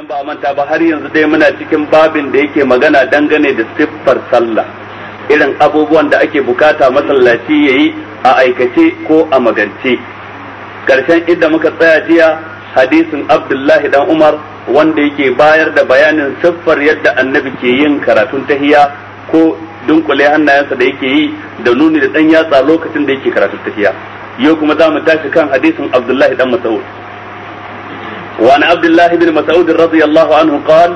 dan ba manta ba har yanzu dai muna cikin babin da yake magana dangane da siffar sallah irin abubuwan da ake bukata masallaci ya yi a aikace ko a magance karshen inda muka tsaya jiya hadisin abdullahi dan umar wanda yake bayar da bayanin siffar yadda annabi ke yin karatun tahiya ko dunkule hannayensa da yake yi da nuni da dan yatsa lokacin da yake karatun tahiya yau kuma za mu tashi kan hadisin abdullahi dan mas'ud وعن عبد الله بن مسعود رضي الله عنه قال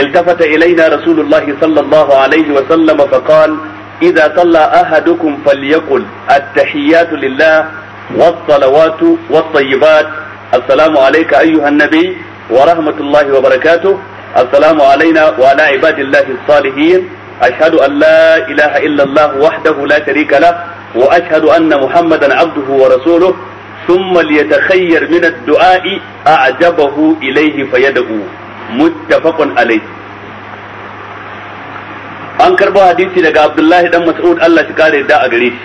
التفت إلينا رسول الله صلى الله عليه وسلم فقال إذا صلى أحدكم فليقل التحيات لله والصلوات والطيبات السلام عليك أيها النبي ورحمة الله وبركاته السلام علينا وعلى عباد الله الصالحين أشهد أن لا إله إلا الله وحده لا شريك له وأشهد أن محمدا عبده ورسوله ثم ليتخير من الدعاء أعجبه إليه فيدعو متفق عليه an karbo hadisi daga Abdullahi dan Mas'ud Allah shi kare da a gare shi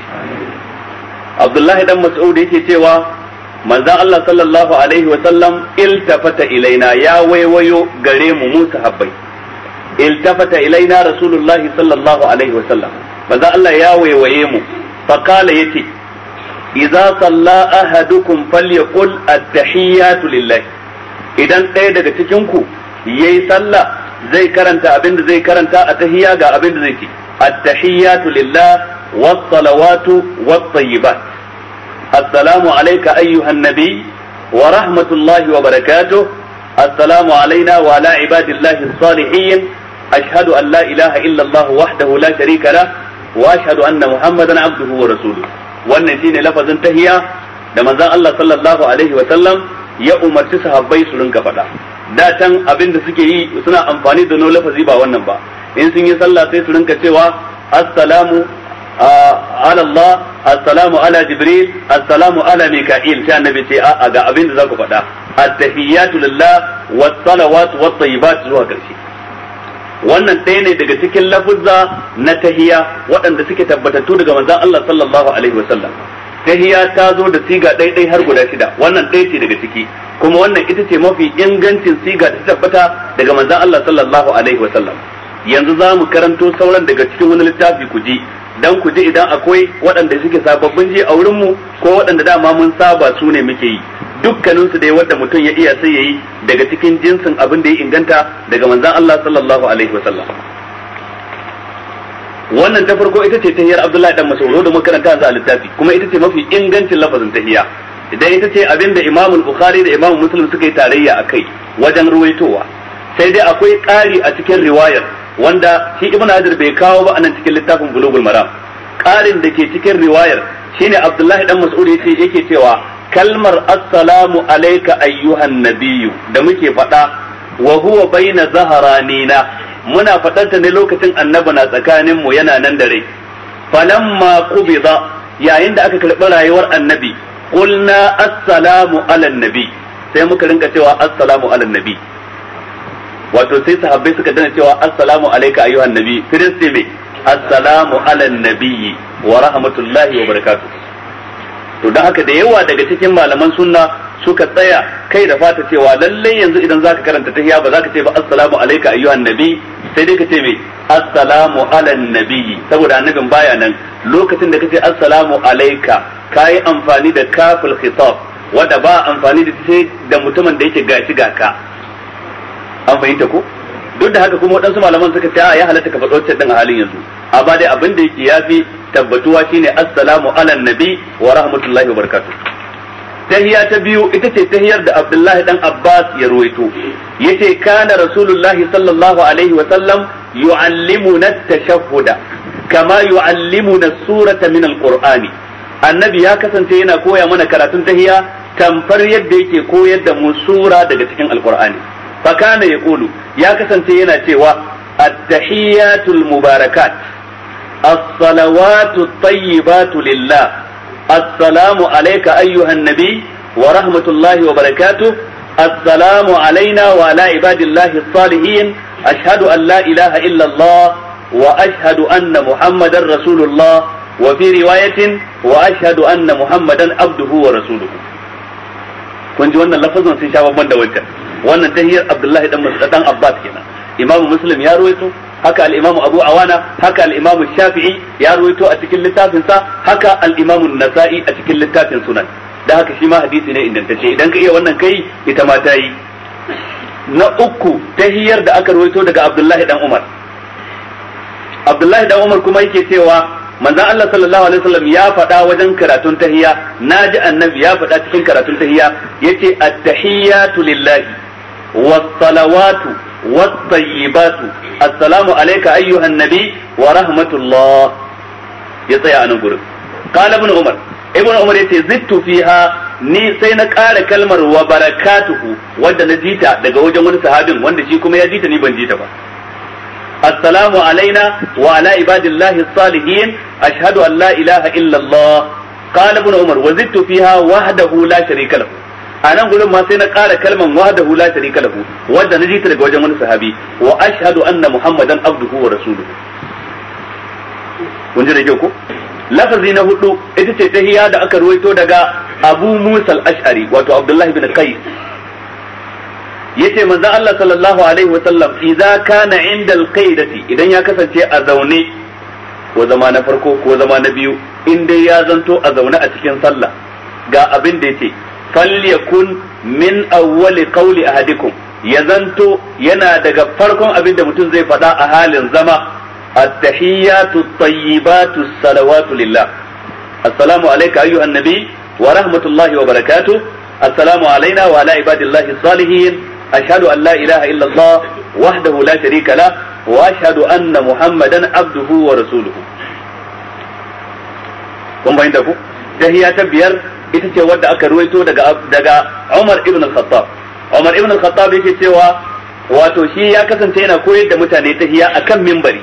Abdullahi dan Mas'ud yake cewa manzon Allah sallallahu alaihi wa sallam iltafata ilaina ya waiwayo gare mu mu sahabbai iltafata ilaina rasulullahi sallallahu alaihi wa sallam manzon Allah ya waiwaye mu fa kala yace iza salla ahadukum falyaqul at-tahiyatu lillah idan ɗaya daga cikin ku yayi sallah zai karanta abinda zai karanta a tahiyya ga abin da zai ci at-tahiyatu lillah was-salawatu wat-tayyibat assalamu alayka ayyuhan nabiy wa rahmatullahi wa barakatuh السلام علينا وعلى عباد الله الصالحين أشهد أن لا إله إلا الله وحده لا شريك له وأشهد أن محمدا عبده ورسوله wannan shine lafazin tahiya da manzon Allah sallallahu alaihi wa sallam ya umarci sahabbai su rinka faɗa da can abin da suke yi suna amfani da no lafazi ba wannan ba in sun yi sallah sai su rinka cewa assalamu ala Allah assalamu ala jibril assalamu ala mika'il sai annabi ce a ga abin da za ku faɗa at tahiyatu lillah was salawat was tayyibat zuwa karshe wannan ɗaya ne daga cikin lafuzza na tahiya waɗanda suke tabbatattu daga manzon Allah sallallahu alaihi wasallam tahiya ta zo da siga ɗaiɗai har guda shida wannan ɗaya ce daga ciki kuma wannan ita ce mafi ingancin siga ta tabbata daga manzon Allah sallallahu alaihi wasallam yanzu za mu karanto sauran daga cikin wani littafi ku ji dan ku ji idan akwai waɗanda suke sababbin ji a wurinmu ko waɗanda dama mun saba su ne muke yi dukkanin su dai wanda mutum ya iya sai yayi daga cikin jinsin abin da ya inganta daga manzon Allah sallallahu alaihi wasallam wannan ta farko ita ce tahiyar Abdullahi dan Mas'ud da muka karanta a littafi kuma ita ce mafi ingancin lafazin tahiya idan ita ce abin da Imam Bukhari da Imam Muslim suka yi tarayya akai wajen ruwaitowa sai dai akwai ƙari a cikin riwayar wanda shi Ibn Hajar bai kawo ba anan cikin littafin Bulughul Maram ƙarin da ke cikin riwayar shine Abdullahi dan Mas'ud yake cewa kalmar assalamu alaika ayyuhan nabiyyu da muke faɗa wa huwa baina zaharanina muna ta ne lokacin annabi na tsakanin mu yana nan da rai falamma qubida yayin da aka karɓi rayuwar annabi qulna assalamu ala nabi sai muka rinka cewa assalamu ala nabi wato sai sahabbai suka dana cewa assalamu alaika ayyuhan nabi sai dai assalamu ala nabiyyi wa rahmatullahi wa barakatuh to dan haka da yawa daga cikin malaman sunna suka tsaya kai da fata cewa lalle yanzu idan zaka karanta tahiya ba zaka ce ba assalamu alayka ayyuhan nabi sai dai ka ce me assalamu ala nabi saboda annabin baya nan lokacin da kace assalamu alayka kai amfani da kaful khitab wanda ba amfani da da mutumin da yake gashi ga ka an fahimta ko duk da haka kuma waɗansu malaman suka ce a ya halatta ka faɗo wacce din a halin yanzu amma dai abin da yake yafi tabbatuwa shine assalamu ala nabi wa rahmatullahi wa barakatuh tahiya ta biyu ita ce tahiyar da Abdullahi dan Abbas ya ruwaito yace kana rasulullahi sallallahu alaihi wa sallam yu'allimuna at-tashahhuda kama yu'allimuna surata min al annabi ya kasance yana koya mana karatun tahiya tamfar yadda yake koyar da mu sura daga cikin alqur'ani fa ya kulu ya kasance yana cewa at-tahiyatul mubarakat asalawatu salawatu at-tayyibatu lillah assalamu alayka ayyuhan nabi wa rahmatulahi wa barakatuh السلام علينا وعلى عباد الله الصالحين أشهد أن لا إله إلا الله وأشهد أن محمدا رسول الله وفي رواية وأشهد أن محمدا عبده ورسوله kun ji wannan lafazin sun sha babban da wannan ta hiyar abdullahi dan dan abbas kenan imamu muslim ya ruwaito haka al-imamu abu awana haka al-imamu shafi'i ya ruwaito a cikin littafin sa haka al-imamu nasa'i a cikin littafin sunan da haka shi ma hadisi ne ingantacce idan ka iya wannan kai ita ma ta yi na uku ta hiyar da aka ruwaito daga abdullahi dan umar abdullahi dan umar kuma yake cewa manzon Allah sallallahu alaihi wasallam ya faɗa wajen karatun tahiyya naji annabi ya faɗa cikin karatun tahiyya yace at-tahiyyatu lillahi والصلوات والطيبات السلام عليك أيها النبي ورحمة الله nan أن قال ابن عمر ابن عمر يتزدت فيها ni sai na kara kalmar wa barakatuhu wanda na jita daga wajen wani sahabin wanda shi kuma ya jita ni ban jita ba assalamu alaina wa ala ibadillahi salihin ashhadu an la ilaha illallah qala ibn umar wa zidtu fiha wahdahu la sharika lahu a nan gurin ma sai na ƙara kalman wahdahu la sharika lahu wanda na jita daga wajen wani sahabi wa ashhadu anna muhammadan abduhu wa rasuluhu kun ji da ko lafazi na hudu ita ce tahiya da aka ruwaito daga abu musa al-ash'ari wato abdullahi bin qais yace manzo Allah sallallahu alaihi wa sallam idza kana inda al-qaidati idan ya kasance a zaune ko zama na farko ko zama na biyu in dai ya zanto a zaune a cikin sallah ga abin da yace falyakun min awwali qawli ahadikum ya zanto yana daga farkon abin da mutum zai faɗa a halin zama at-tahiyyatu tayyibatu salawatu lillah assalamu alayka ayyuhan nabi wa rahmatullahi wa barakatuh assalamu alayna wa ala ibadillahi salihin ashhadu an la ilaha illa allah wahdahu la sharika lah wa ashhadu anna muhammadan abduhu wa rasuluhu kun bayyana ku tahiyya ta biyar ita ce wadda aka ruwaito daga daga Umar ibn al-Khattab Umar ibn al-Khattab yake cewa wato shi ya kasance yana koyar da mutane tahiya akan mimbari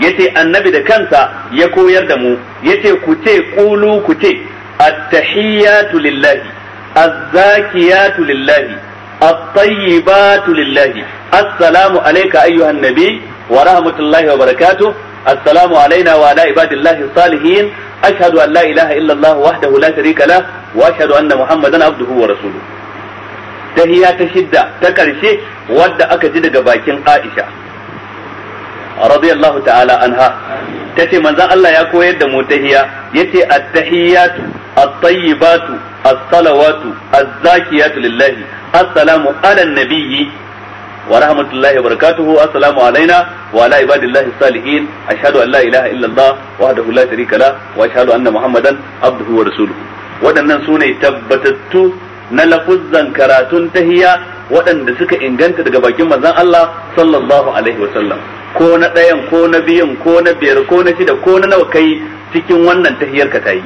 yace annabi da kansa ya koyar da mu yace ku ce qulu ku ce at-tahiyatu lillahi az-zakiyatu lillahi الطيبات لله السلام عليك أيها النبي ورحمة الله وبركاته السلام علينا وعلى عباد الله الصالحين ashhadu an la ilaha illallah wahdahu la sharika la wa ashhadu anna muhammadan abduhu wa rasuluhu tahiyya ta shidda ta karshe wadda aka ji daga bakin Aisha radiyallahu ta'ala anha tace manzon Allah ya koyar da mu tahiyya yace at-tahiyyatu a tayyibatu as-salawatu az-zakiyatu lillahi assalamu ala an-nabiyyi wa rahmatullahi wa barakatuhu assalamu alaina wa ala ibadillahi salihin ashhadu an la ilaha illallah wahdahu la sharika la wa ashhadu anna muhammadan abduhu wa rasuluhu waɗannan su tabbatattu na lafuzzan karatun tahiya waɗanda suka inganta daga bakin manzon Allah sallallahu alaihi wa sallam ko na ɗayan ko na biyun ko na biyar ko na shida ko na nawa kai cikin wannan tahiyar ka tayi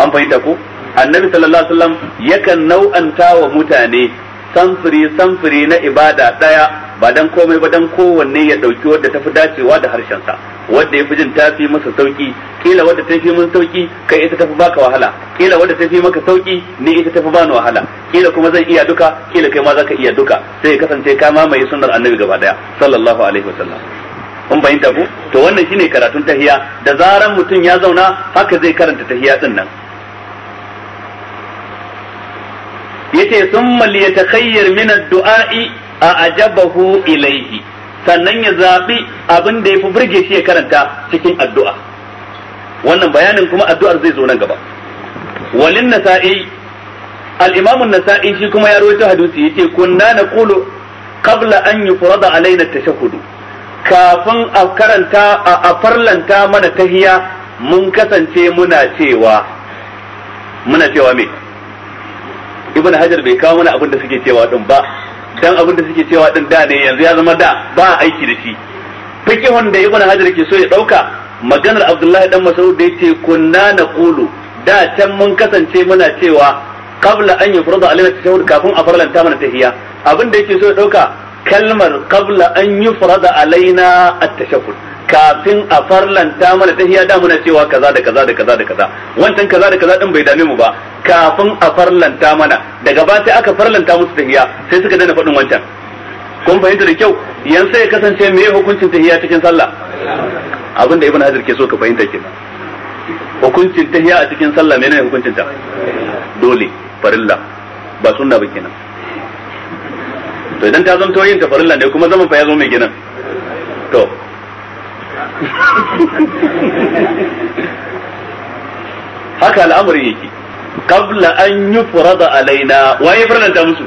an fahimta ko annabi sallallahu alaihi wasallam yakan nau'anta wa mutane samfuri samfuri na ibada ɗaya, ba dan komai ba dan kowanne ya ɗauki wadda tafi dacewa da harshen sa wadda ya fi jin ta fi masa sauki kila wadda ta fi masa sauki kai ita ta fi baka wahala kila wadda ta fi maka sauki ni ita ta fi bani wahala kila kuma zan iya duka kila kai ma zaka iya duka sai kasance ka mamaye sunnar annabi gaba daya sallallahu alaihi wasallam kun bayyanta ku to wannan shine karatun tahiya da zaran mutum ya zauna haka zai karanta tahiya din nan yace summa liyatakhayyar min ad-du'a'i a ajabahu ilayhi sannan ya zabi abin da yafi burge shi ya karanta cikin addu'a wannan bayanin kuma addu'ar zai zo nan gaba walin nasa'i al-imam an-nasa'i shi kuma ya rawaito hadisi yace kunna naqulu qabla an yufrada alaina at-tashahhud kafin a karanta a farlanta mana tahiya mun kasance muna cewa muna cewa me ibn hajar bai kawo mana abin da suke cewa din ba dan abin da suke cewa din da ne yanzu ya zama da ba aiki da shi fikihun da ibn hajar ke so ya dauka maganar abdullahi dan mas'ud da yake kunna qulu da can mun kasance muna cewa qabla an yufrada alaina tashahhud kafin a farlanta mana tahiyya abin da yake so ya dauka kalmar qabla an yufrada alaina at-tashahhud kafin a farlanta mana tahiya da muna cewa kaza da kaza da kaza da kaza wancan kaza da kaza din bai dame mu ba kafin a farlanta mana daga ba sai aka farlanta musu tahiya sai suka dana faɗin wancan kun fahimta da kyau yanzu ya kasance me hukuncin tahiya cikin sallah abin da ibn hajar ke so ka fahimta ke. hukuncin tahiya a cikin sallah ne hukuncin ta dole farilla ba sunna ba kenan to idan ta zanto yin ta farilla ne kuma zaman fa ya zo mai kenan to haka al'amari yake Kabla an yufrada alaina waye farlanta musu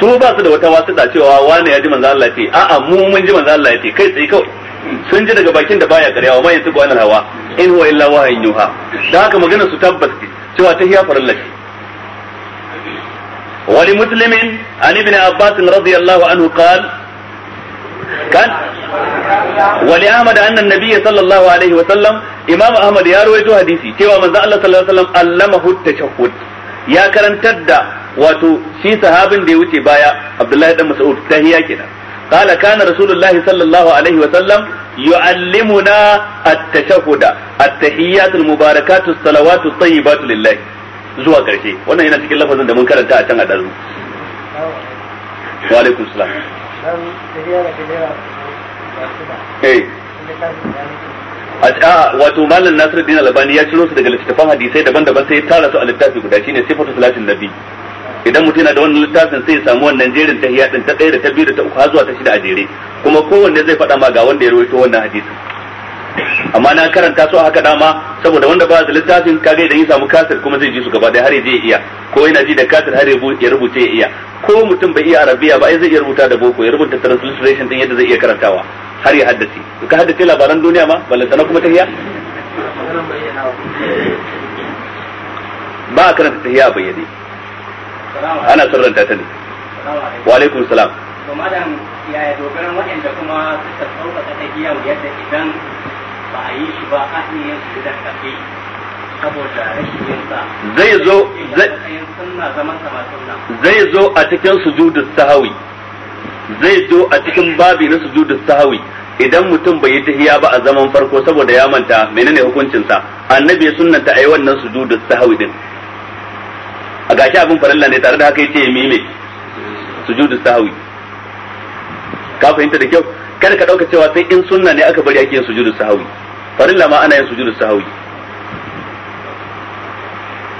su ba su da wata da cewa wane ya ji manzo Allah ce a'a mu mun ji manzo Allah ce kai tsaye kawai sun ji daga bakin da baya karyawa mai yanzu gwanar hawa in huwa illa wahayin yuha da haka magana su tabbas ce cewa ta hiya farallah wani muslimin an ibn abbas radiyallahu anhu qala kan wali ahmad annan nabiyyi sallallahu alaihi wa sallam imam ahmad ya rawaito hadisi cewa manzo Allah sallallahu alaihi wa sallam allamahu tashahhud ya karantar da wato shi sahabin da ya wuce baya abdullahi dan mas'ud tahiya kenan قال كان رسول الله صلى الله عليه وسلم يعلمنا التشهد التحيات المباركات الصلوات الطيبات لله zuwa ƙarshe wannan yana cikin lafazin da mun karanta a can a dazu wa alaikum salam Eh. a wato malam dina albani ya ciro su daga littattafan hadisai daban-daban sai ya tara su a littafi guda shine sifatu salatin nabi idan mutum yana da wannan littafin sai ya samu wannan jerin tahiyya din ta ɗaya da ta biyu da ta uku har zuwa ta shida a jere kuma kowanne zai faɗa ma ga wanda ya rawaito wannan hadisin amma na karanta su haka dama saboda wanda ba da littafin kage da ya samu kasir kuma zai ji su gaba dai har ya iya ko yana ji da kasir har ya rubuce ya iya ko mutum bai iya arabiya ba ai zai iya rubuta da boko ya rubuta translation din yadda zai iya karantawa har ya haddace ka haddace labaran duniya ma balle sanan kuma tahiya ba a karanta tahiya bayyane ana sirranta ta ne wa alaikum salam to madan dogaran waɗanda kuma suka sauka ta tahiya yadda idan ba a yi shi ba su da kafe saboda rashin zai zo zai zo a cikin sujudu sahawi zai zo a cikin babi na sujudus sahawi idan mutum bai yi tahiya ba a zaman farko saboda ya manta menene hukuncinsa annabi ya sunnanta ayi wannan sujudu sahawi din a gashi abin farilla ne tare da haka yace mi me sahawi ka fahimta da kyau kada ka dauka cewa sai in sunna ne aka bari ake yin sujudus sahawi farilla ma ana yin sujudu sahwi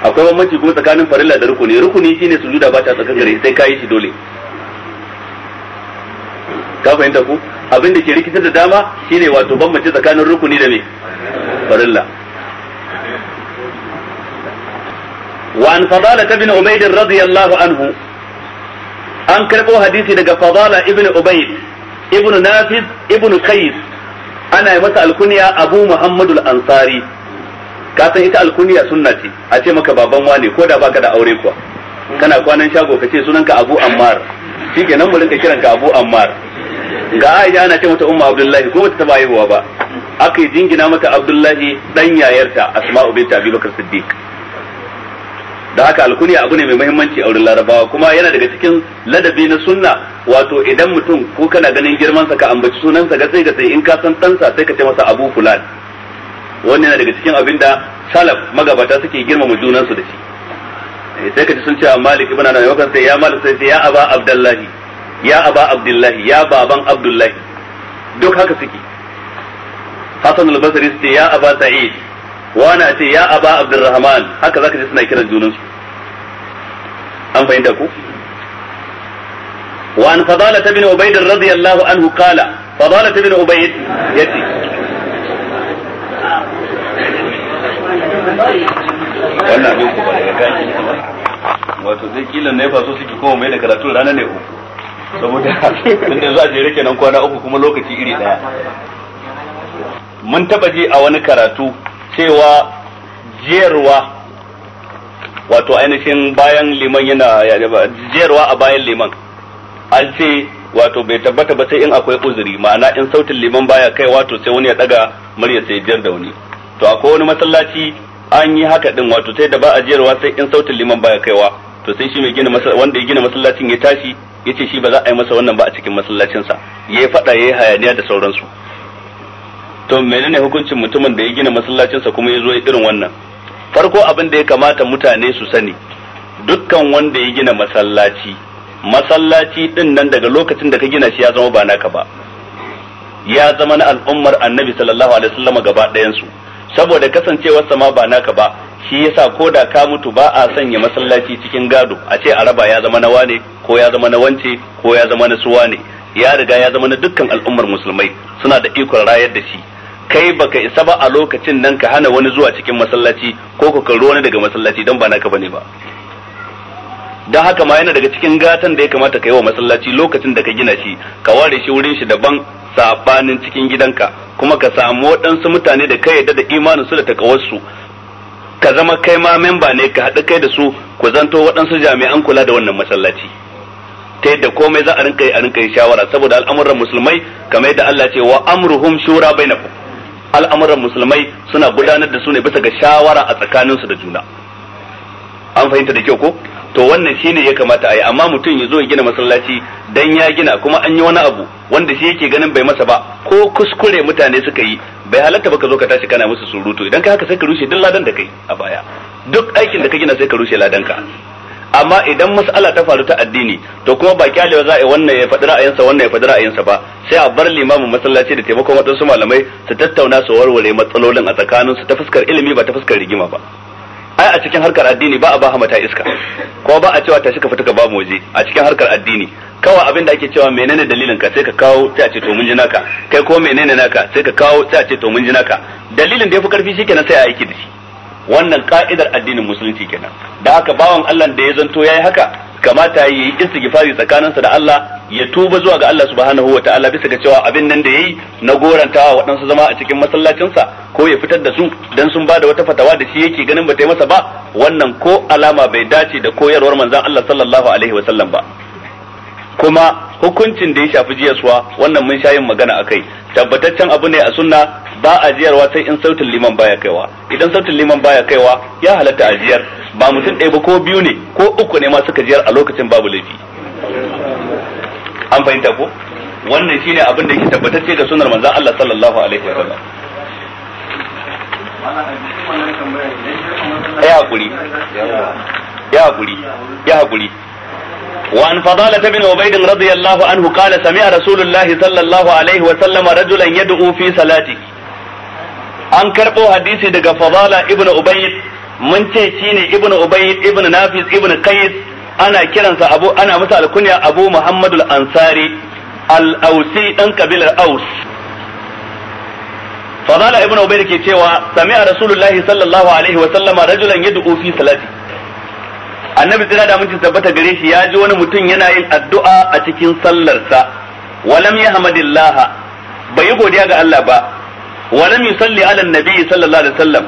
akwai bambanci kuma tsakanin farilla da rukuni rukuni shine sujuda ba ta tsakan gare sai kayi shi dole ka fahimta ku abin da ke rikitar da dama shine wato bambanci tsakanin rukuni da me farilla وعن فضالة بن عبيد رضي الله عنه An كربو حديثي لك فضالة ابن عبيد ابن نافذ ابن قيس ana yi masa alkuniya abu muhammadul ansari ka san ita alkuniya sunna ce a ce maka baban wane ko da baka da aure kuwa kana kwanan shago ka ce sunanka abu ammar shikenan mu rinka kiranka abu ammar ga aisha ana ce mata umma abdullahi ko bata taba haihuwa ba aka yi jingina mata abdullahi dan yayarta asma'u binta abubakar siddiq da haka alkunya abu ne mai muhimmanci a wurin larabawa kuma yana daga cikin ladabi na sunna wato idan mutum ko kana ganin girman sa ka ambaci sunansa ga sai ga sai in ka san ɗansa sai ka ce masa abu fulan wannan yana daga cikin abin da salaf magabata suke girmama junansu da shi eh, sai ka ji sun ce malik ibn anas yakan sai ya malik sai ya aba abdullahi ya aba abdullahi ya baban abdullahi duk haka suke hasan al-basri sai ya aba sa'id wani a ce ya aba rahman haka zaka ji suna kiran junansu an fahimta ku wa an fadala ta bin ubayd radiyallahu anhu qala fadala ta bin ubayd yace wannan abin ku ba daga kan wato zai kila ne fa so suke kuma mai da karatu rana ne ku saboda tunda za a jere kenan kwana uku kuma lokaci iri daya mun taba je a wani karatu cewa jiyarwa wato ainihin bayan liman yana jiyarwa a bayan liman an ce wato bai tabbata ba sai in akwai uzuri ma'ana in sautin liman baya kai wato sai wani ya daga murya sai jiyar da wani to akwai wani masallaci an yi haka din wato sai da ba a jiyarwa sai in sautin liman baya kaiwa to sai shi mai gina wanda ya gina masallacin ya tashi yace shi ba za a yi masa wannan ba a cikin masallacinsa yayi fada yayi hayaniya da sauransu to menene hukuncin mutumin da ya gina masallacinsa kuma ya zo irin wannan farko abin da ya kamata mutane su sani dukkan wanda ya gina masallaci masallaci din nan daga lokacin da ka gina shi ya zama ba naka ba ya zama na al'ummar annabi sallallahu alaihi wasallam gaba ɗayan su saboda kasancewar ma ba naka ba shi yasa ko da ka mutu ba a sanya masallaci cikin gado a ce araba ya zama na wane ko ya zama na wance ko ya zama na suwa ne ya riga ya zama na dukkan al'ummar musulmai suna da ikon rayar da shi kai baka isa ba a lokacin nan ka hana wani zuwa cikin masallaci ko ka karo wani daga masallaci don ba naka bane ba don haka ma yana daga cikin gatan da ya kamata ka yi wa masallaci lokacin da ka gina shi ka ware shi wurin shi daban sabanin cikin gidanka kuma ka samu waɗansu mutane da ka yarda da imanin su da takawarsu ka zama kai ma memba ne ka haɗu kai da su ku zanto waɗansu jami'an kula da wannan masallaci ta yadda komai za a rinka yi a rinka yi shawara saboda al'amuran musulmai kamar yadda Allah ce wa amruhum shura bainakum al'amuran musulmai suna gudanar da su ne bisa ga shawara a tsakanin su da juna an fahimta da kyau ko to wannan shine ya kamata a yi amma mutum ya zo ya gina masallaci dan ya gina kuma an yi wani abu wanda shi yake ganin bai masa ba ko kuskure mutane suka yi bai halatta ba ka zo ka tashi kana musu surutu idan ka haka sai ka rushe duk ladan da kai a baya duk aikin da ka gina sai ka rushe ladan ka amma idan mas'ala ta faru ta addini to kuma ba wa za a yi wannan ya faɗi ra'ayinsa wannan ya faɗi ra'ayinsa ba sai a bar limamin masallaci da taimakon waɗansu malamai su tattauna su warware matsalolin a tsakanin su ta fuskar ilimi ba ta fuskar rigima ba ai a cikin harkar addini ba a ba mata iska kuma ba a cewa tashi ka fita ka ba waje a cikin harkar addini kawai abin da ake cewa menene dalilin ka sai ka kawo sai a ce to mun ji naka kai ko menene naka sai ka kawo sai a ce to mun ji naka dalilin da yafi karfi shikenan sai a aiki da shi wannan ka'idar addinin musulunci kenan da aka bawan Allah da ya zanto yayi haka kamata ya yi istighfari tsakaninsa da Allah ya tuba zuwa ga Allah subhanahu wa ta'ala bisa ga cewa abin nan da yayi na gorantawa waɗansu zama a cikin masallacinsa ko ya fitar da su dan sun bada wata fatawa da shi yake ganin ba ta masa ba wannan ko alama bai dace da koyarwar manzon Allah sallallahu alaihi wa sallam ba kuma hukuncin da ya shafi jiyaswa wannan mun shayin magana akai tabbataccen abu ne a sunna ba a jiyarwa sai in sautin liman baya kaiwa idan sautin liman baya kaiwa ya halatta a jiyar ba mutum ɗaya ba ko biyu ne ko uku ne ma suka jiyar a lokacin babu laifi an fahimta ko wannan shine abin da yake tabbatacce da sunnar manzon Allah sallallahu alaihi wasallam ya hakuri ya hakuri ya hakuri وعن فضالة بن عبيد رضي الله عنه قال سمع رسول الله صلى الله عليه وسلم رجلا يدعو في صلاته an karɓo hadisi daga fadala ibn ubayd mun ce shine ibn ubayd ibn nafis ibn qais ana kiransa abu ana masa alkunya abu muhammad al-ansari al-ausi dan kabilar aus fadala ibn ubayd ke cewa sami'a rasulullahi sallallahu alaihi wa sallama rajulan yad'u fi salati annabi tsira da mutum tabbata gare shi ya ji wani mutum yana yin addu'a a cikin sallarsa walam ya yahmadillah bai yi godiya ga Allah ba walam yusalli ala nabi sallallahu alaihi wasallam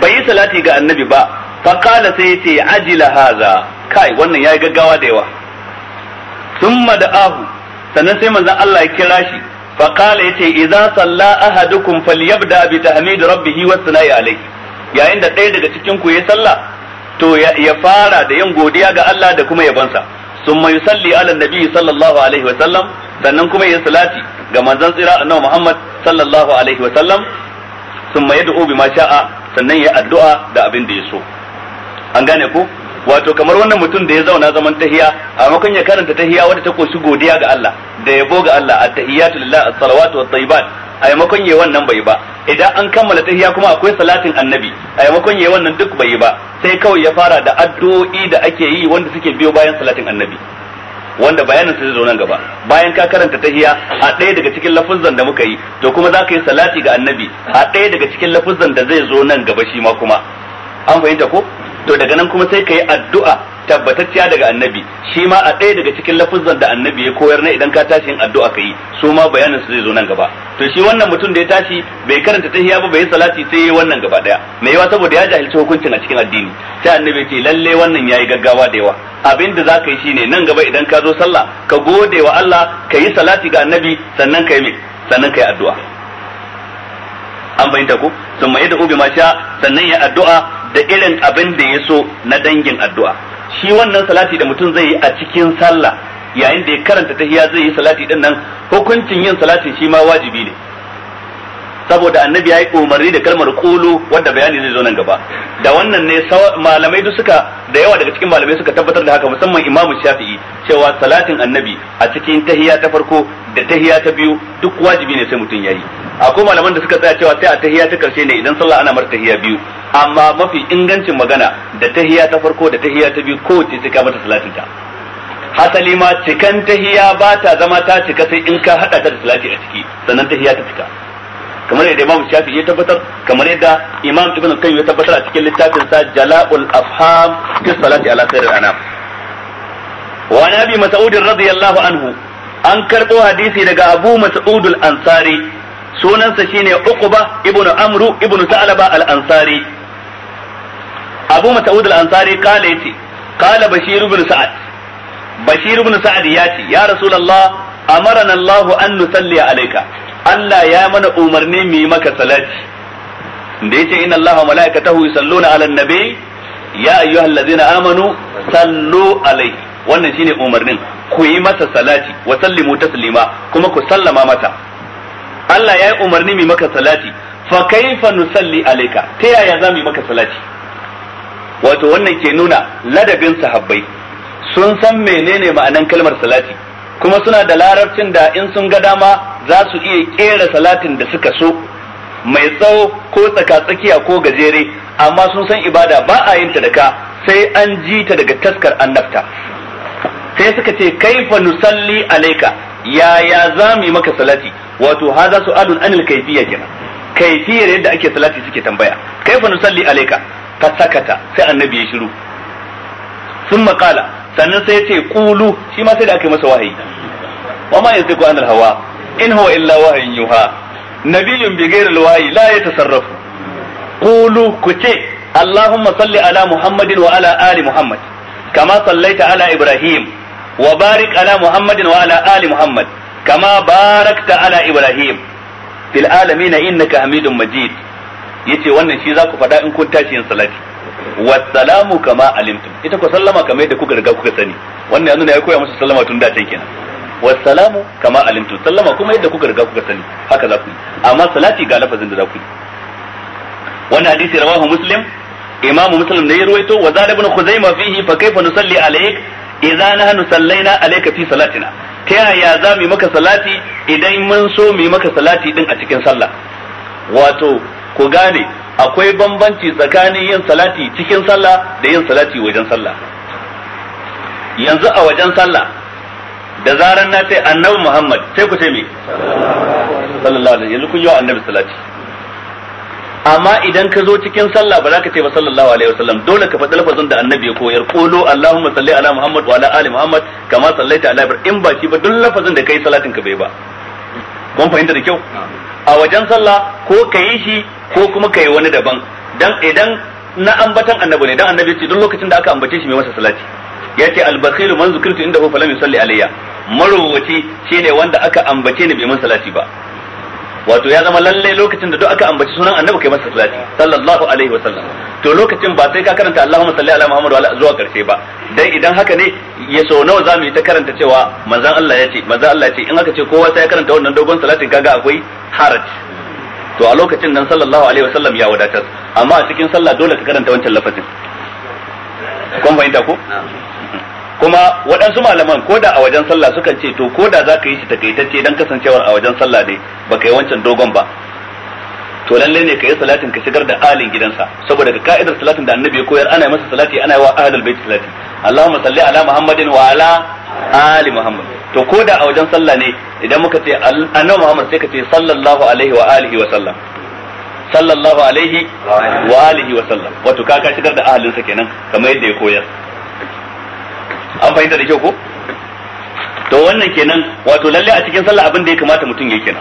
bai yi salati ga annabi ba fa qala sai yace ajila haza kai wannan yayi gaggawa da yawa thumma da'ahu sannan sai manzon Allah ya kira shi fa qala yace idza salla ahadukum falyabda bi tahmid rabbih wa na alayhi yayin da ɗaya daga cikin ku ya sallah to ya fara da yin godiya ga Allah da kuma yabansa mai salli ala nabi sallallahu alaihi wa sannan kuma ya salati ga manzon tsira nawa Muhammad sallallahu alaihi wa sallam summa yad'u ma sha'a sannan ya addu'a da abin da ya so an gane ku? wato kamar wannan mutum da ya zauna zaman tahiya a makon ya karanta tahiya wadda ta koshi godiya ga Allah da yabo ga Allah at-tahiyatu lillah as-salawatu wat-tayyibat a makon yayi wannan bai ba idan an kammala tahiya kuma akwai salatin annabi a makon yayi wannan duk bai ba sai kawai ya fara da addu'o'i da ake yi wanda suke biyo bayan salatin annabi wanda bayanin sai zo nan gaba bayan ka karanta tahiya a ɗaya daga cikin lafuzzan da muka yi to kuma za ka yi salati ga annabi a ɗaya daga cikin lafuzzan da zai zo nan gaba shi ma kuma an fahimta ko to daga nan kuma sai ka yi addu'a tabbatacciya daga annabi shi ma a ɗaya daga cikin lafuzzan da annabi ya koyar na idan ka tashi yin addu'a ka yi su ma bayanin su zai zo nan gaba to shi wannan mutum da ya tashi bai karanta hiya ba bai yi salati sai yi wannan gaba daya mai yawa saboda ya jahilci hukuncin a cikin addini sai annabi ce lalle wannan ya yi gaggawa da yawa abin da za ka yi shi ne nan gaba idan ka zo sallah ka gode wa Allah ka yi salati ga annabi sannan ka yi sannan ka yi addu'a an fahimta ko sun mai da ubi masha sannan ya addu'a da irin abin da ya so na dangin addu'a shi wannan salati da mutum zai yi a cikin sallah yayin da ya karanta tahiya zai yi salati din nan hukuncin yin salatin shi ma wajibi ne saboda annabi ya yi umarni da kalmar kulu wanda bayani zai zo nan gaba da wannan ne malamai duk suka da yawa daga cikin malamai suka tabbatar da haka musamman imamu shafi'i cewa salatin annabi a cikin tahiya ta farko da tahiya ta biyu duk wajibi ne sai mutum yayi akwai malaman da suka tsaya cewa sai a tahiya ta karshe ne idan sallah ana mar tahiya biyu amma mafi ingancin magana da tahiya ta farko da tahiya ta biyu kowace sai ka mata salatin ta hasali ma cikan tahiya ba ta zama ta cika sai in ka hada ta da salati a ciki sannan tahiya ta cika kamar yadda Imam shafi ya tabbatar kamar yadda Imam Ibn kai ya tabbatar a cikin littafin sa Jala'ul Afham fi salati ala khairil anam wa nabi Mas'ud radiyallahu anhu an karbo hadisi daga Abu Mas'ud al-Ansari sunansa shine Uqba ibn Amru ibn Sa'laba al-Ansari Abu Mas'ud al-Ansari kale yace kala Bashir ibn Sa'ad Bashir ibn Sa'ad yace ya Rasulullah amarana Allah an nusalli alayka Allah ya mana umarni mu yi maka salati da yace inna Allaha wa malaikatahu yusalluna 'alan nabi ya ayyuhallazina amanu sallu alai. wannan shine umarnin ku yi masa salati wa sallimu taslima kuma ku sallama masa Allah ya yi umarni mu maka salati fa kaifa nusalli alayka ta yaya za mu yi maka salati wato wannan ke nuna ladabin sahabbai sun san menene ma'anan kalmar salati kuma suna da larabcin da in sun ga dama za su iya kera salatin da suka so mai tsawo ko tsaka-tsakiya ko gajere amma sun san ibada ba a yin ta da ka sai an ji ta daga taskar annabta sai suka ce kaifa nusalli alaika yaya za mu yi maka salati wato haza su'alun anil kayfiyya kenan kaifiyar yadda ake salati suke tambaya kaifa nusalli alaika fa sakata sai annabi ya shiru sun maƙala sannan sai ya ce kulu shi ma sai da aka yi masa wahayi wa ma yanzu kuwa anar hawa in huwa illa wahayin yuha nabiyun bi gairi alwahi la ya kulu ku ce allahumma salli ala muhammadin wa ala ali muhammad kama sallaita ala ibrahim wa barik ala muhammadin wa ala ali muhammad kama barakta ala ibrahim fil alamin innaka hamidun majid yace wannan shi za ku faɗa in kun tashi yin salati wassalamu kama alimtum ita ko sallama kamar yadda kuka riga kuka sani wannan ya nuna ya koya musu sallama tun da can kenan wassalamu kama alimtum sallama kuma yadda kuka riga kuka sani haka za ku yi amma salati ga lafazin da za ku yi wannan hadisi rawahu muslim imam muslim ne ya ruwaito wa ibn khuzaimah fihi fa kayfa nusalli alayk na nahnu sallaina alayka fi salatina ta yaya za mu yi maka salati idan mun so mu yi maka salati din a cikin sallah wato ku gane akwai bambanci tsakanin yin salati cikin sallah da yin salati wajen sallah yanzu a wajen sallah da zaran na ce annabi Muhammad sai ku ce me sallallahu alaihi yanzu kun yi wa annabi salati amma idan ka zo cikin sallah ba za ka ce ba sallallahu alaihi wasallam dole ka faɗi lafazin da annabi ya koyar qulu allahumma salli ala muhammad wa ala ali muhammad kama sallaita ala ibrahim in ba shi ba duk lafazin da kai salatin ka bai ba kun fahimta da kyau a wajen sallah ko ka yi shi ko kuma kai wani daban dan idan na ambatan annabi ne dan annabi ce duk lokacin da aka ambace shi mai masa salati ya ce albakhilu man zukirtu indahu falam yusalli alayya marowaci shine wanda aka ambace ni bai masa salati ba wato ya zama lalle lokacin da duk aka ambaci sunan annabi kai masa salati sallallahu alaihi wa sallam to lokacin ba sai ka karanta Allahumma salli ala Muhammad wa ala zuwa karshe ba dan idan haka ne ya so nawa zamu yi ta karanta cewa manzon Allah ya ce manzon Allah ya ce in aka ce kowa sai ya karanta wannan dogon salatin kaga akwai haraj to a lokacin nan sallallahu alaihi wasallam ya wadatar amma a cikin sallah dole ka karanta wancan lafazin kun fahimta ko kuma waɗansu malaman ko da a wajen sallah suka ce to ko da za ka yi shi takaitacce dan kasancewar a wajen sallah ne ba ka yi wancan dogon ba to lalle ne ka yi salatin ka shigar da alin gidansa saboda ka ka'idar salatin da annabi ya koyar ana masa salati ana yi wa ahlul bait salati Allahumma salli ala Muhammadin wa ala ali Muhammad to ko da a wajen sallah ne idan muka ce annabi Muhammad sai ka ce sallallahu alaihi wa alihi wa sallam sallallahu alaihi wa alihi wa sallam wato ka ka shigar da ahalin sa kenan kamar yadda ya koyar an fahimta da kyau ko to wannan kenan wato lalle a cikin sallah abin da ya kamata mutum yake kenan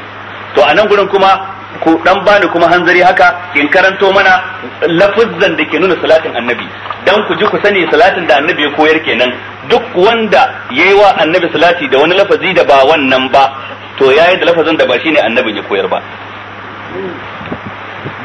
to a nan gurin kuma ku dan bani kuma hanzari haka in karanto mana lafuzzan da ke nuna salatin annabi dan ku ji ku sani salatin da annabi ya koyar kenan duk wanda yayi wa annabi salati da wani lafazi da ba wannan ba to yayi da lafazin da ba shine annabi ya koyar ba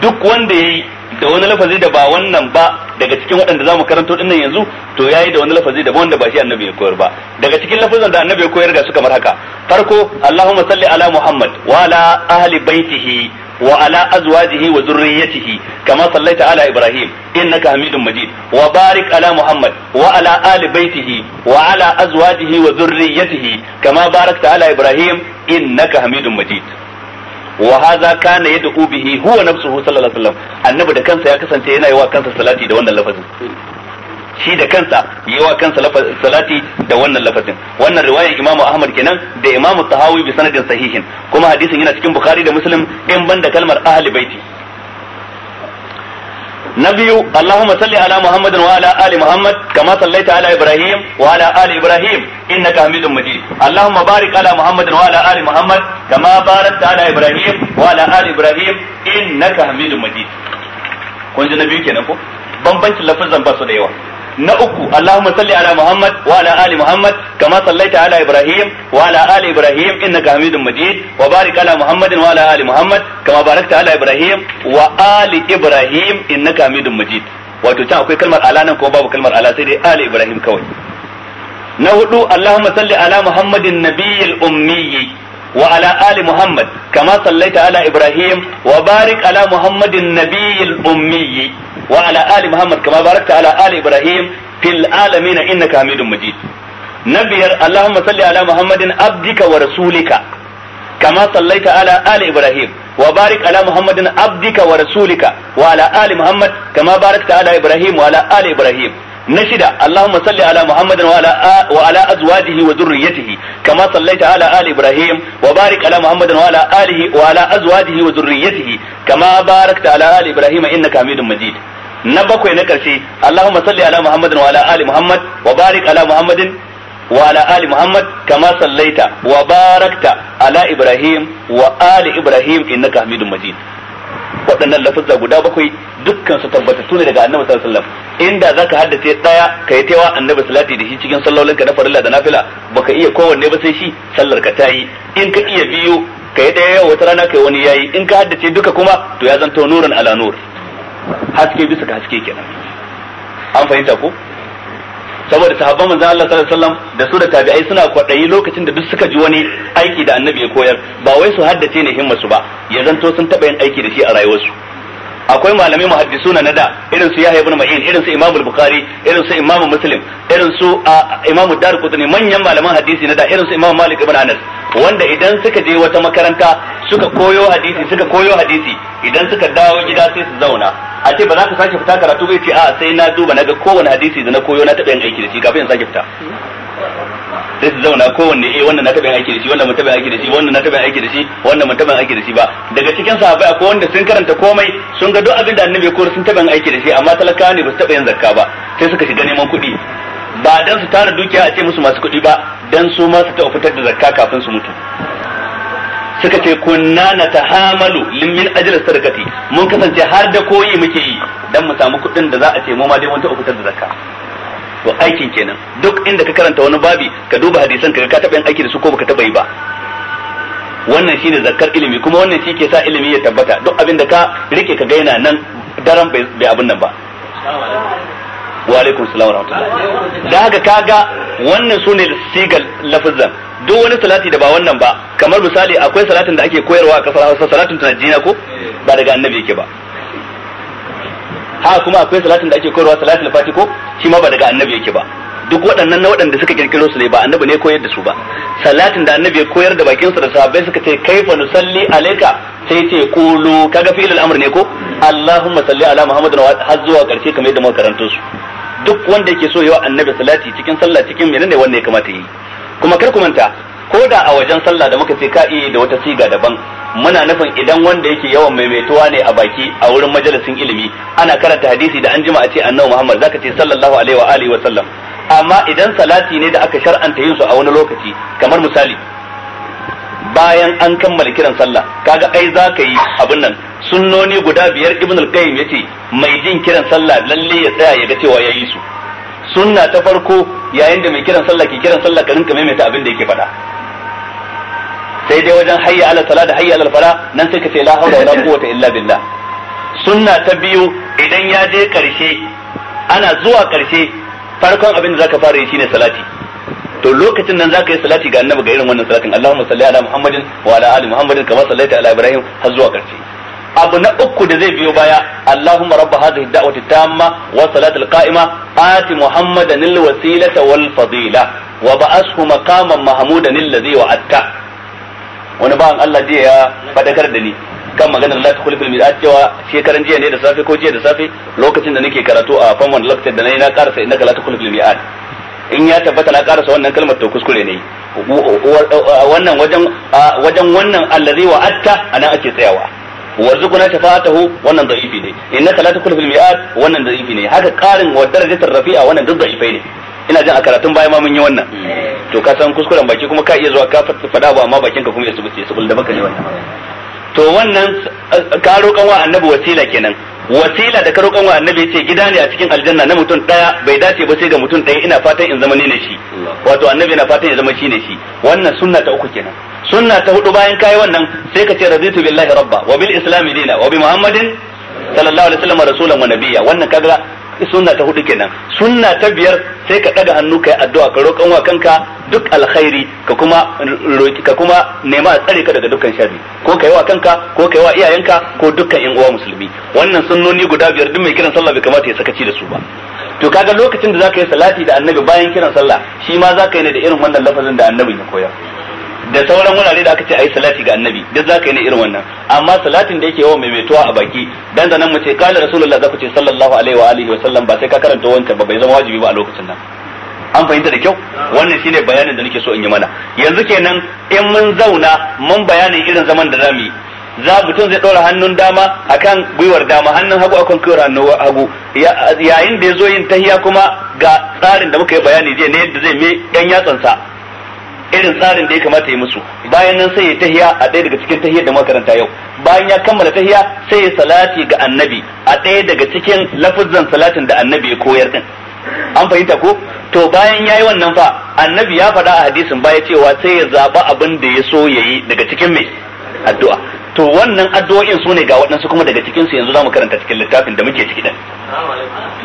duk wanda yayi da wani lafazi da ba wannan ba daga cikin waɗanda za mu karanto dinnan yanzu to yayi da wani lafazi da wanda ba shi annabi ya koyar ba daga cikin lafazan da annabi ya koyar ga su kamar haka farko Allahumma salli ala Muhammad wa ala ahli baitihi wa ala azwajihi wa zurriyyatihi kama sallaita ala Ibrahim innaka hamidun Majid wa barik ala Muhammad wa ala ali baitihi wa ala azwajihi wa zurriyyatihi kama barakta ala Ibrahim innaka hamidun Majid wa haza kana yad'u bihi huwa nafsuhu sallallahu alaihi wasallam annabi da kansa ya kasance yana yi kansa salati da wannan lafazin shi da kansa yi wa kansa salati da wannan lafazin wannan riwayar Imam Ahmad kenan da Imam Tahawi bi sanadin sahihin kuma hadisin yana cikin Bukhari da Muslim in banda kalmar ahli baiti na biyu Allahumma salli ala Muhammadin wa ala ali Muhammad kama sallaita ala Ibrahim wa ala ali Ibrahim innaka Hamidum Majid Allahumma barik ala Muhammadin wa ala ali Muhammad kama barakta ala Ibrahim wa ala ali Ibrahim innaka Hamidum Majid kun ji na biyu kenan ko bambancin lafazan ba su da yawa na uku Allahumma salli ala Muhammad wa ala ali Muhammad kama sallaita ala Ibrahim wa ala ali Ibrahim innaka Hamidum Majid wa barik ala Muhammadin wa ala ali Muhammad kama barakta ala Ibrahim wa ali Ibrahim innaka Hamidum Majid wato can akwai kalmar ala nan kuma babu kalmar ala sai dai ali Ibrahim kawai na hudu Allahumma salli ala Muhammadin nabiyil ummi وعلى آل محمد كما صليت على إبراهيم وبارك على محمد النبي الأمي wa ala ali muhammad kama barakta ala ali ibrahim fil alamin innaka hamidum majid nabiyar allahumma salli ala muhammadin abdika wa rasulika kama sallaita ala ali ibrahim wa barik ala muhammadin abdika wa rasulika wa ala ali muhammad kama barakta ala ibrahim wa ala ali ibrahim na shida Allahumma salli ala Muhammadin wa ala wa ala azwajihi wa dhurriyyatihi kama sallaita ala ali Ibrahim wa barik ala Muhammadin wa ala alihi wa ala azwajihi wa dhurriyyatihi kama barakta ala ali Ibrahim innaka Hamidum Majid na bakwai na karshe Allahumma salli ala Muhammadin wa ala ali Muhammad wa barik ala Muhammadin wa ala ali Muhammad kama sallaita wa barakta ala Ibrahim wa ali Ibrahim innaka Hamidum Majid waɗannan lafuzza guda bakwai dukkan su tabbata ne daga annabi sallallahu alaihi wasallam inda zaka haddace daya ka yi annabi salati da shi cikin ka na farilla da nafila baka iya kowanne ba sai shi sallar ka tayi in ka iya biyo ka yi daya wata rana ka wani yayi in ka haddace duka kuma to ya zanto nurun ala nur haske bisa ka haske kenan an fahimta ko saboda sahabban manzon Allah sallallahu alaihi wasallam da su da tabi'ai suna kwadayi lokacin da duk suka ji wani aiki da annabi ya koyar ba wai su haddace ne himmar su ba ya zanto sun taba yin aiki da shi a rayuwarsu akwai malamai muhaddisu na da irin su Yahya ibn Ma'in irin su imamu Bukhari irin su imamu Muslim irin su imamu Darqutni manyan malaman hadisi na da irin su Imam Malik ibn Anas wanda idan suka je wata makaranta suka koyo hadisi suka koyo hadisi idan suka dawo gida sai su zauna a ce ba za ka sake fita karatu ba ce a sai na duba na ga kowane hadisi da na koyo na taɓa yin aiki da shi kafin in sake fita sai su zauna kowanne eh wannan na taɓa aiki da shi wannan mun taɓa aiki da shi wannan na taɓa aiki da shi wannan mun taɓa aiki da shi ba daga cikin sahabbai akwai wanda sun karanta komai sun ga duk abin da annabi ya koyar sun taɓa aiki da shi amma talakawa ne ba su taɓa yin zakka ba sai suka shiga neman kuɗi ba dan su tara dukiya a ce musu masu kuɗi ba dan su ma su taɓa fitar da zakka kafin su mutu suka ce kunna na hamalu limin ajal sadaqati mun kasance har da koyi muke yi dan mu samu kuɗin da za a ce mu ma dai mun taɓa fitar da zakka to aikin kenan duk inda ka karanta wani babi ka duba hadisan ka ka taba yin aiki da su ko baka taba yi ba wannan shine zakkar ilimi kuma wannan shi ke sa ilimi ya tabbata duk abin da ka rike ka gaina nan daren bai abin nan ba wa alaikum salam wa rahmatullah da haka kaga wannan sune sigal lafazan duk wani salati da ba wannan ba kamar misali akwai salatin da ake koyarwa a kasar Hausa salatin tunajina ko ba daga annabi yake ba ha kuma akwai salatin da ake koyarwa salatul fati ko shi ma ba daga annabi yake ba duk waɗannan na waɗanda suka kirkiro su ne ba annabi ne koyar da su ba salatin da annabi ya koyar da bakin sa da sahabbai suka ce kaifa nusalli alayka sai ce qulu kaga fi'il al-amr ne ko Allahumma salli ala Muhammad har zuwa karshe kamar yadda muka karanto su duk wanda yake so yawa annabi salati cikin sallah cikin menene wanne ya kamata yi kuma kar ku manta ko da a wajen sallah da muka ce ka da wata siga daban muna nufin idan wanda yake yawan maimaituwa ne a baki a wurin majalisin ilimi ana karanta hadisi da an jima a ce annabi Muhammad zaka ce sallallahu alaihi wa alihi wa sallam amma idan salati ne da aka shar'anta yin su a wani lokaci kamar misali bayan an kammala kiran sallah kaga ai zaka yi abin nan sunnoni guda biyar ibn al-qayyim yace mai jin kiran sallah lalle ya tsaya ya ga cewa yayi su sunna ta farko yayin da mai kiran sallah ke kiran sallah ka rinka maimaita abin da yake faɗa sai dai wajen hayya ala sala da hayya ala fala nan sai ka ce la haula wala quwwata illa billah sunna ta biyu idan ya je karshe ana zuwa karshe farkon abin da zaka fara yi shine salati to lokacin nan zaka yi salati ga annabi ga irin wannan salatin Allahumma salli ala Muhammadin wa ala ali Muhammadin kama sallaita ala Ibrahim har zuwa karshe abu na uku da zai biyo baya Allahumma rabb hadhihi ad-da'wati tamma wa salatil qa'ima ati Muhammadan al-wasilata wal fadila wa ba'ashu maqaman mahmudan alladhi wa'atta wani bawan Allah jiya ya fadakar da ni kan maganar la tukul fil mi'at cewa shekaran jiya ne da safe ko jiya da safe lokacin da nake karatu a fan one lecture da nayi na karasa innaka la tukul fil in ya tabbata na karasa wannan kalmar to kuskure ne wannan wajen wajen wannan allazi wa atta ana ake tsayawa warzuquna shafa'atahu wannan da'ifi ne innaka la tukul fil wannan da'ifi ne haka qarin wa darajatar rafi'a wannan duk da'ifai ne ina jin a karatun baya ma mun yi wannan to ka san kuskuren baki kuma ka iya zuwa ka faɗa ba amma bakin ka kuma ya subuce su bulda baka ne wannan to wannan ka roƙon wa annabi wasila kenan wasila da ka roƙon wa annabi yace gida ne a cikin aljanna na mutum daya bai dace ba sai ga mutum daya ina fatan in zama ni ne shi wato annabi na fatan ya zama shi ne shi wannan sunna ta uku kenan sunna ta hudu bayan kai wannan sai ka ce raditu billahi rabba wa bil islam dina wa bi muhammadin sallallahu alaihi wasallam rasulan wa nabiyya wannan kaga sunna ta hudu kenan sunna ta biyar sai ka ɗaga hannu kai addu'a ka roƙon wa kanka duk alkhairi ka kuma roki ka kuma nema a tsare ka daga dukkan sharri ko kai wa kanka ko kai wa iyayenka ko dukkan ƴan uwa musulmi wannan sunnoni guda biyar duk mai kiran sallah bai kamata ya sakaci da su ba to kaga lokacin da zaka yi salati da annabi bayan kiran sallah shi ma zaka yi ne da irin wannan lafazin da annabi ya koyar da sauran wurare da aka ce ayi salati ga annabi duk zaka yi ne irin wannan amma salatin da yake yawa mai maimaituwa a baki dan da nan mu ce kala rasulullah zaka ce sallallahu alaihi wa alihi wa sallam ba sai ka karanta wancan ba bai zama wajibi ba a lokacin nan an fahimta da kyau wannan shine bayanin da nake so in yi mana yanzu kenan in mun zauna mun bayanin irin zaman da zamu yi za mutum zai ɗora hannun dama akan gwiwar dama hannun hagu akan kura hannun hagu yayin da ya zo yin tahiya kuma ga tsarin da muka yi bayani jiya ne yadda zai me yan yatsansa irin tsarin da ya kamata ya musu bayan nan sai ya tahiya a ɗaya daga cikin tahiyar da makaranta yau bayan ya kammala tahiya sai ya salati ga annabi a ɗaya daga cikin lafazan salatin da annabi ya koyar din an fahimta ko to bayan yayi wannan fa annabi ya faɗa a hadisin baya cewa sai ya zaba abin da ya so yayi daga cikin mai addu'a to wannan addu'o'in su ne ga waɗansu kuma daga cikin su yanzu zamu karanta cikin littafin da muke ciki din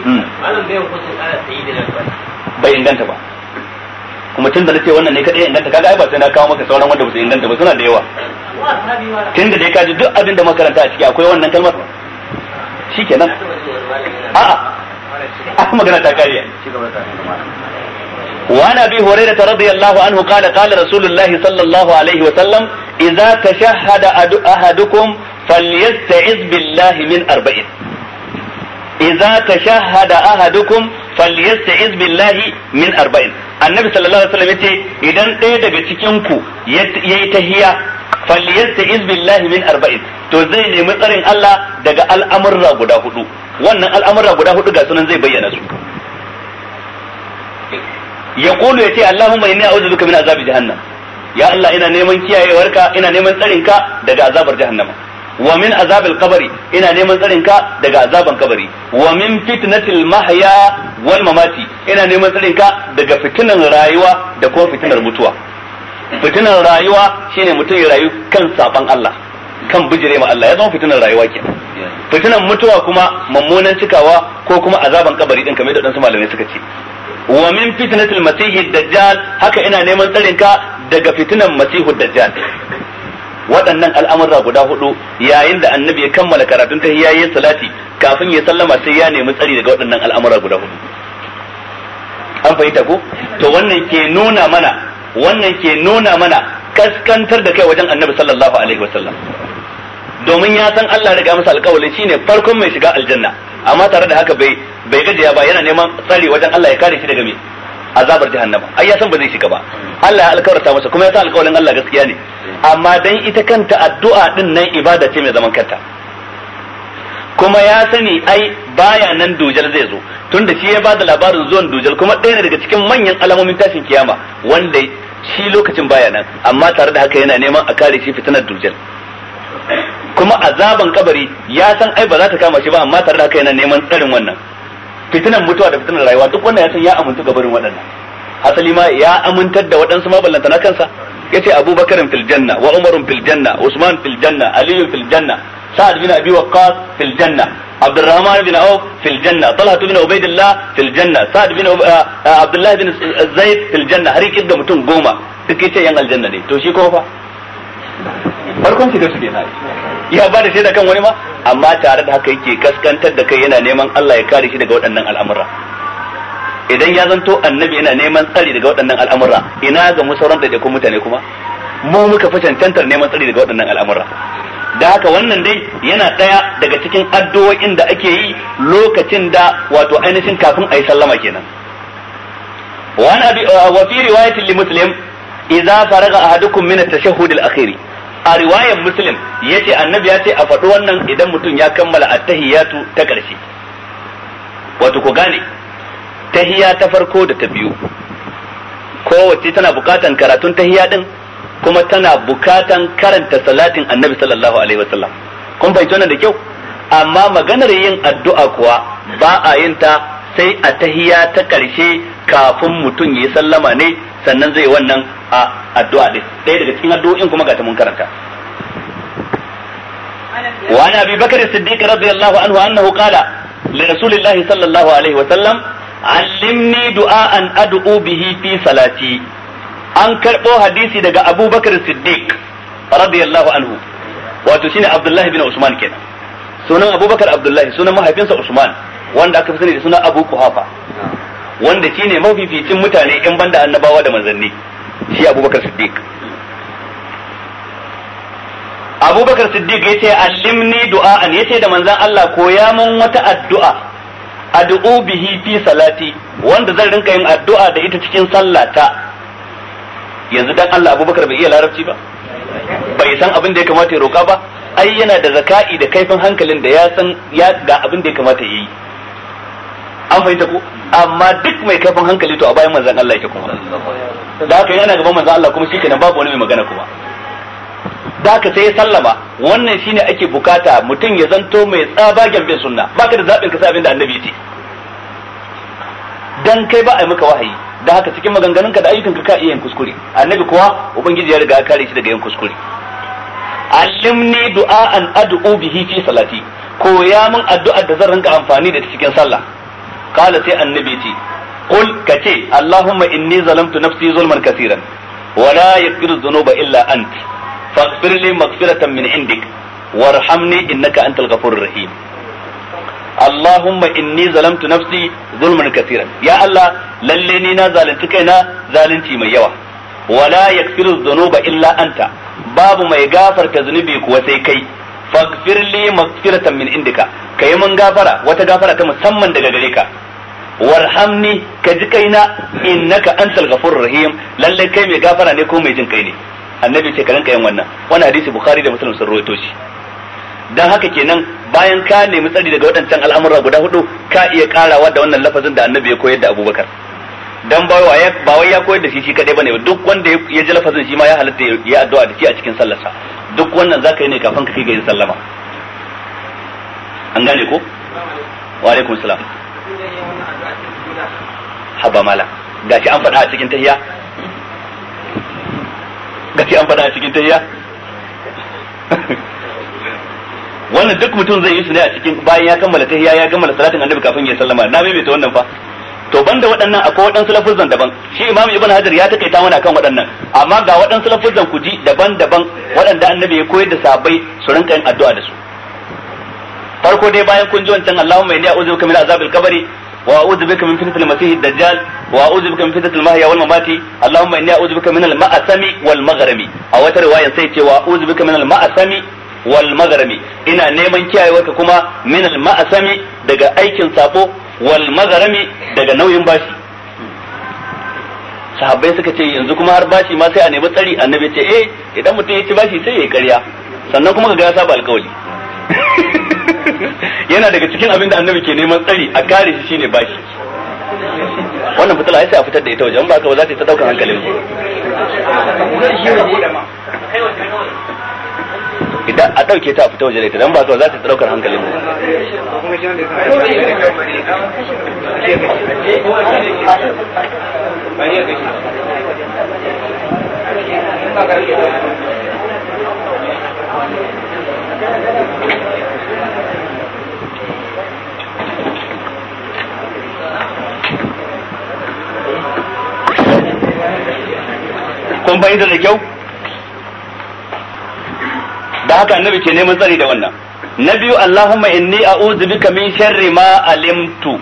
hmm. bai inganta ba kuma tunda nace wannan ne kadai inganta kaga ai ba sai na kawo maka sauran wanda ba su inganta ba suna da yawa tunda dai kaji duk abin da makaranta a ciki akwai wannan kalmar shikenan a'a a magana ta kariya وعن ابي هريره رضي الله عنه قال قال رسول الله صلى الله عليه وسلم اذا تشهد احدكم فليستعذ بالله من اربع اذا تشهد احدكم فليستعذ بالله من arba'in. annabi sallallahu alaihi wasallam yace idan ɗaya daga cikin ku yayi tahiyya falyasta'iz billahi min arba'in to zai nemi tsarin Allah daga al'amurra guda hudu wannan al'amurra guda hudu ga sunan zai bayyana su Ya ya yace allahumma inni a'udhu bika min azabi jahannam ya Allah ina neman kiyayewarka ina neman tsarin ka daga azabar jahannama wa min azabil qabri ina neman tsarin ka daga azaban kabari wa min fitnatil mahya wal mamati ina neman tsarin ka daga fitinan rayuwa da kuma fitinar mutuwa fitinan rayuwa shine mutum ya rayu kan saban Allah kan bijire ma Allah ya zama fitinan rayuwa ke fitinan mutuwa kuma mammonan cikawa ko kuma azaban kabari din kamar da dan malamai suka ce wa min fitnatil masihi dajjal haka ina neman tsarin ka daga fitinan masihu dajjal waɗannan al'amurra guda hudu yayin da annabi ya kammala karatun ta ya yi salati kafin ya sallama sai ya nemi tsari daga waɗannan al'amurra guda hudu an fahimta ko to wannan ke nuna mana wannan ke nuna mana kaskantar da kai wajen annabi sallallahu alaihi wasallam domin ya san Allah riga masa alƙawalin shine farkon mai shiga aljanna amma tare da haka bai bai gajiya ba yana neman tsari wajen Allah ya kare shi daga me azabar jahannama ai ya san ba zai shiga ba Allah ya alkawarta masa kuma ya san alkawarin Allah gaskiya ne amma dan ita kanta addu'a din nan ibada ce mai zaman kanta kuma ya sani ai baya nan dujal zai zo tunda shi ya bada labarin zuwan dujal kuma ɗaya ne daga cikin manyan alamomin tashin kiyama wanda shi lokacin baya nan amma tare da haka yana neman a kare shi fitinar dujal kuma azaban kabari ya san ai ba za ta kama shi ba amma tare da haka yana neman tsarin wannan fitinan mutuwa da fitinan rayuwa duk wannan ya san ya amintu ga barin waɗannan asali ma ya amintar da waɗansu ma ballanta na kansa yace Abubakar fil janna wa Umar fil janna Usman fil janna Ali fil janna Sa'ad bin Abi Waqqas fil janna Abdurrahman bin بن fil janna Talha bin بن fil janna Sa'ad bin eh, Abdullah bin عبد fil janna har yake da mutum goma duk yace yan aljanna ne to shi ko fa barkon shi da su kenan ya ba da shaida kan wani ma amma tare da haka yake kaskantar da kai yana neman Allah ya kare shi daga waɗannan al'amura idan ya zanto annabi yana neman tsari daga waɗannan al'amura ina ga mu sauran da mutane kuma mu muka fi cancantar neman tsari daga waɗannan al'amura da haka wannan dai yana ɗaya daga cikin addu'o'in da ake yi lokacin da wato ainihin kafin a yi sallama kenan wa fi riwayatin li muslim idza faraga ahadukum min at-tashahhud al-akhir a riwayan muslim ce annabi ya ce a faɗi wannan idan mutum ya kammala a tahiyatu ta ƙarshe wato ku gane tahiya ta farko da ta biyu kowace tana bukatan karatun tahiya din kuma tana bukatan karanta salatin annabi sallallahu alaihi wasallam kun fahimci wannan da kyau amma maganar yin addu'a kuwa ba a yin ta sai a tahiya ta ƙarshe kafin mutum ya sallama ne sannan zai wannan a addu'a din ɗaya daga cikin addu'o'in kuma ga ta mun karanta وعن ابي بكر الصديق siddiq radiyallahu anhu annahu qala li rasulillahi sallallahu alaihi wa sallam allimni du'an ad'u bihi fi salati an karɓo hadisi daga abubakar siddiq radiyallahu anhu wato shine abdullahi bin usman kenan sunan abubakar abdullahi sunan mahaifinsa usman wanda aka fi sani da sunan abu kuhafa wanda shi ne mafificin mutane in banda annabawa da manzanni shi abubakar siddiq abubakar siddiq ya ce allimni du'a'an ya ce da manzan Allah koya mun wata addu'a addu'u bihi fi salati wanda zan rinka yin addu'a da ita cikin sallata yanzu dan Allah abubakar bai iya larabci ba bai san abin da ya kamata ya roka ba ai yana da zaka'i da kaifin hankalin da ya san ya ga abin da ya kamata ya yi an fahimta ko amma duk mai kafin hankali to a bayan manzon Allah yake kuma da haka yana gaban manzon Allah kuma shikenan babu wani mai magana kuma da haka sai ya sallama wannan shine ake bukata mutum ya zanto mai tsabagen bin sunna baka da zabin ka sai abin da annabi yake dan kai ba a yi maka wahayi da haka cikin maganganunka da ayyukan ka iya yin kuskure annabi kuwa ubangiji ya riga ya kare shi daga yin kuskure allimni an ad'u bihi fi salati koya min addu'ar da zan rinka amfani da cikin sallah qala sai annabi ce qul kace allahumma inni zalamtu nafsi zulman kaseeran wa la yaghfiru dhunuba illa ant faghfir li maghfiratan min indik warhamni innaka antal ghafurur rahim Allahumma inni zalamtu nafsi zulman kaseeran ya Allah lallai ni na zalunci kaina zalunci mai yawa wala yaghfiru dhunuba illa anta babu mai gafarta zunubi kuwa sai kai faghfir li maghfiratan min indika kai mun gafara wata gafara ta musamman daga gare ka warhamni ka ji kaina innaka antal ghafurur rahim lalle kai mai gafara ne ko mai jin kai ne annabi ce ka rinka yin wannan wannan hadisi bukhari da muslim sun rawaito shi dan haka kenan bayan ka nemi tsari daga waɗancan al'amura guda hudu ka iya karawa da wannan lafazin da annabi ya koyar da abubakar dan ba wai ba wai ya koyar da shi shi kadai bane duk wanda ya ji lafazin shi ma ya halatta ya addu'a da shi a cikin sallarsa duk wannan zaka yi ne kafin ka kai ga yin sallama an gane ko wa alaikum salam haba mala gashi an faɗa a cikin tahiya gashi an faɗa a cikin tahiya. wannan duk mutum zai yi su ne a cikin bayan ya kammala tahiya ya kammala salatin annabi kafin ya sallama na maimaita wannan fa to banda waɗannan akwai waɗansu lafuzan daban shi imam ibn hajar ya takaita mana kan waɗannan amma ga waɗansu lafuzan ku ji daban-daban waɗanda annabi ya koyar da sabai su rinka yin addu'a da su farko dai bayan kun ji wancan Allahumma inni a'udhu bika min azabil qabri wa a'udhu bika min fitnatil masiihid dajjal wa a'udhu bika min fitnatil mahya wal mamati Allahumma inni a'udhu bika min al ma'asami wal maghrami a wata riwayan sai ce wa a'udhu bika min al ma'asami wal maghrami ina neman kiyayewarka kuma min al ma'asami daga aikin sabo wal mazarami daga nauyin bashi sahabbai suka ce yanzu kuma har bashi ma sai a nemi tsari annabi ce eh idan mutum ya ci bashi sai ya yi ƙarya sannan kuma ga ya saba alƙawari yana daga cikin abin da annabi ke neman tsari a kare shi shine bashi wannan fitila sai a fitar da ita wajen ba ka ba za ta yi ta daukan hankalin ba idan a ɗauke ta a fita waje da ita dan ba za ta ɗaukar hankalin mu kun bayyana da kyau da haka annabi ke neman tsari da wannan na biyu allahumma inni a'udhu bika min sharri ma alimtu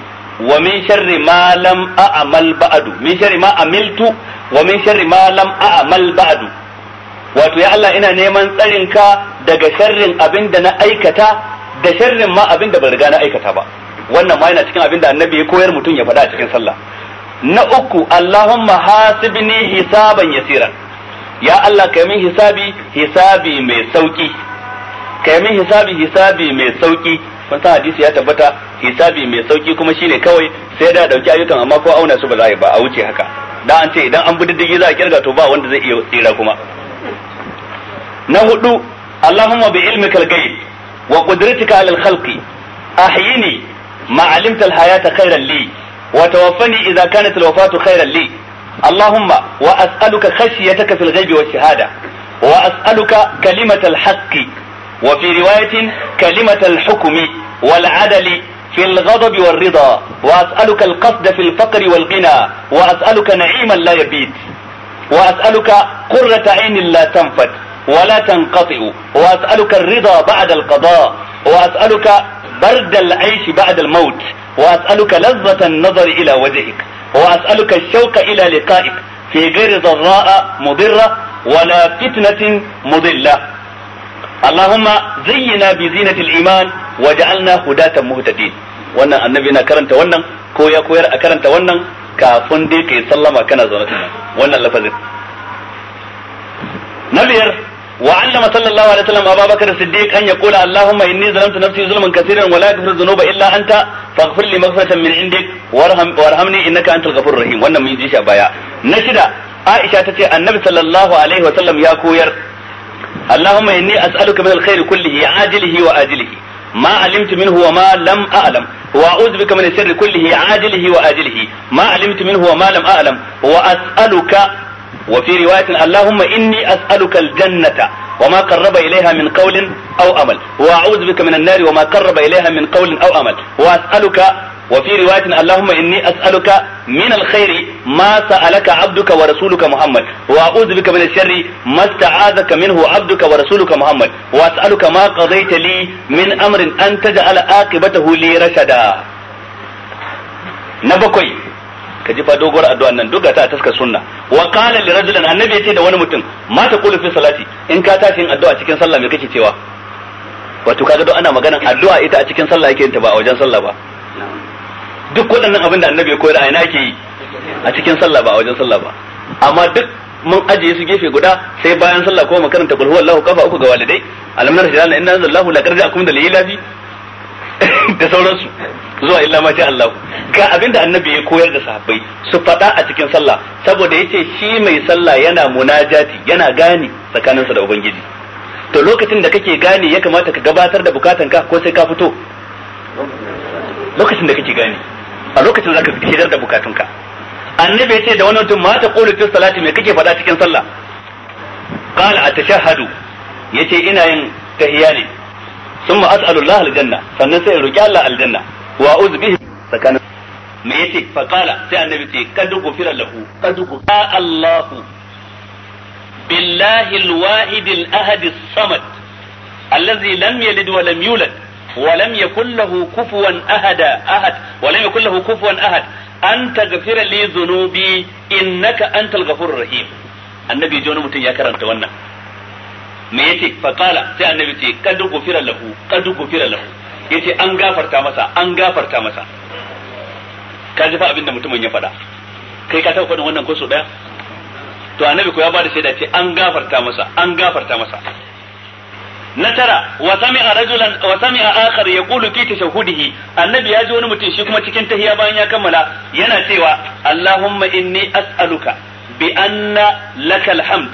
wa min sharri ma lam a'mal ba'du min sharri ma amiltu wa min sharri ma lam a'mal ba'du wato ya Allah ina neman tsarin ka daga sharrin abin da na aikata da sharrin ma abin da ban riga na aikata ba wannan ma yana cikin abin da annabi ya koyar mutum ya faɗa a cikin sallah na uku allahumma hasibni hisaban yasiran ya Allah kai min hisabi hisabi mai sauki kai min hisabi hisabi mai sauki kun san hadisi ya tabbata hisabi mai sauki kuma shine kawai sai da dauki ayyukan amma ko auna su ba za ba a wuce haka da an ce idan an bi diddigi za a kirga to ba wanda zai iya tsira kuma na hudu Allahumma bi ilmika al-ghaib wa qudratika ala al-khalqi ahyini ma alimta al-hayata khayran li wa tawaffani idha kanat al-wafatu khayran li اللهم وأسألك خشيتك في الغيب والشهادة وأسألك كلمة الحق وفي رواية كلمة الحكم والعدل في الغضب والرضا وأسألك القصد في الفقر والغنى وأسألك نعيما لا يبيد وأسألك قرة عين لا تنفت ولا تنقطع وأسألك الرضا بعد القضاء وأسألك برد العيش بعد الموت وأسألك لذة النظر إلى وجهك وأسألك الشوق إلى لقائك في غير ضراء مضرة ولا فتنة مضلة اللهم زينا بزينة الإيمان وجعلنا هداة مهتدين wannan annabi na karanta wannan ko ya koyar a karanta wannan kafin dai kai sallama kana zaune wannan na biyar وعلم صلى الله عليه وسلم أبا بكر الصديق أن يقول اللهم إني ظلمت نفسي ظلما كثيرا ولا يغفر الذنوب إلا أنت فاغفر لي مغفرة من عندك وارحم وارحمني إنك أنت الغفور الرحيم وأنا من جيش أبايا نشدة عائشة تتي النبي صلى الله عليه وسلم يا كوير اللهم إني أسألك من الخير كله عاجله وآجله ما علمت منه وما لم أعلم وأعوذ بك من الشر كله عاجله وآجله ما علمت منه وما لم أعلم وأسألك وفي رواية اللهم إني أسألك الجنة وما قرب إليها من قول أو أمل وأعوذ بك من النار وما قرب إليها من قول أو أمل وأسألك وفي رواية اللهم إني أسألك من الخير ما سألك عبدك ورسولك محمد وأعوذ بك من الشر ما استعاذك منه عبدك ورسولك محمد وأسألك ما قضيت لي من أمر أن تجعل عاقبته لي رشدا نبكي ka ji fa doguwar addu'an nan duk ta a taska sunna wa qala li rajulin annabi yace da wani mutum ma ta qulu fi salati in ka tashi yin addu'a cikin sallah me kake cewa wato kaga duk ana maganan addu'a ita a cikin sallah yake yin ta ba a wajen sallah ba duk waɗannan abin da annabi ya koyar a ina ake yi a cikin sallah ba a wajen sallah ba amma duk mun ajiye su gefe guda sai bayan sallah kuma makaranta kul huwallahu kafa uku ga walidai alamnar hilal inna anzalallahu la qarja akum da lilafi da sauransu zuwa illa ma sha Allah ga abinda annabi ya koyar da sahabbai su fada a cikin sallah saboda yace shi mai sallah yana munajati yana gane tsakaninsa da ubangiji to lokacin da kake gane ya kamata ka gabatar da bukatanka ko sai ka fito lokacin da kake gane a lokacin zaka shigar da ka annabi yace da wannan ma ta qulu fi salati me kake fada cikin sallah qala atashahadu yace ina yin tahiyya thumma as'alullah aljanna sannan sai in roki Allah aljanna wa a'udhu bihi sakana me yace fa qala sai annabi ce kad gufira lahu kad gufira Allah billahi alwahid alahad samad wa ولم يكن له كفوا أحد أحد ولم يكن له كفوا أحد أن تغفر لي ذنوبي إنك أنت الغفور الرحيم النبي جون متي يا كرنت wannan me yace fa qala sai annabi ce kad gufira lahu kad gufira lahu yace an gafarta masa an gafarta masa ka ji fa abinda mutumin ya faɗa kai ka taɓa faɗin wannan ko so daya to annabi ko ya bada shaida ce an gafarta masa an gafarta masa na tara wa sami'a rajulan wa sami'a akhar yaqulu fi tashahhudihi annabi ya ji wani mutum shi kuma cikin tahiya bayan ya kammala yana cewa allahumma inni as'aluka bi anna lakal hamd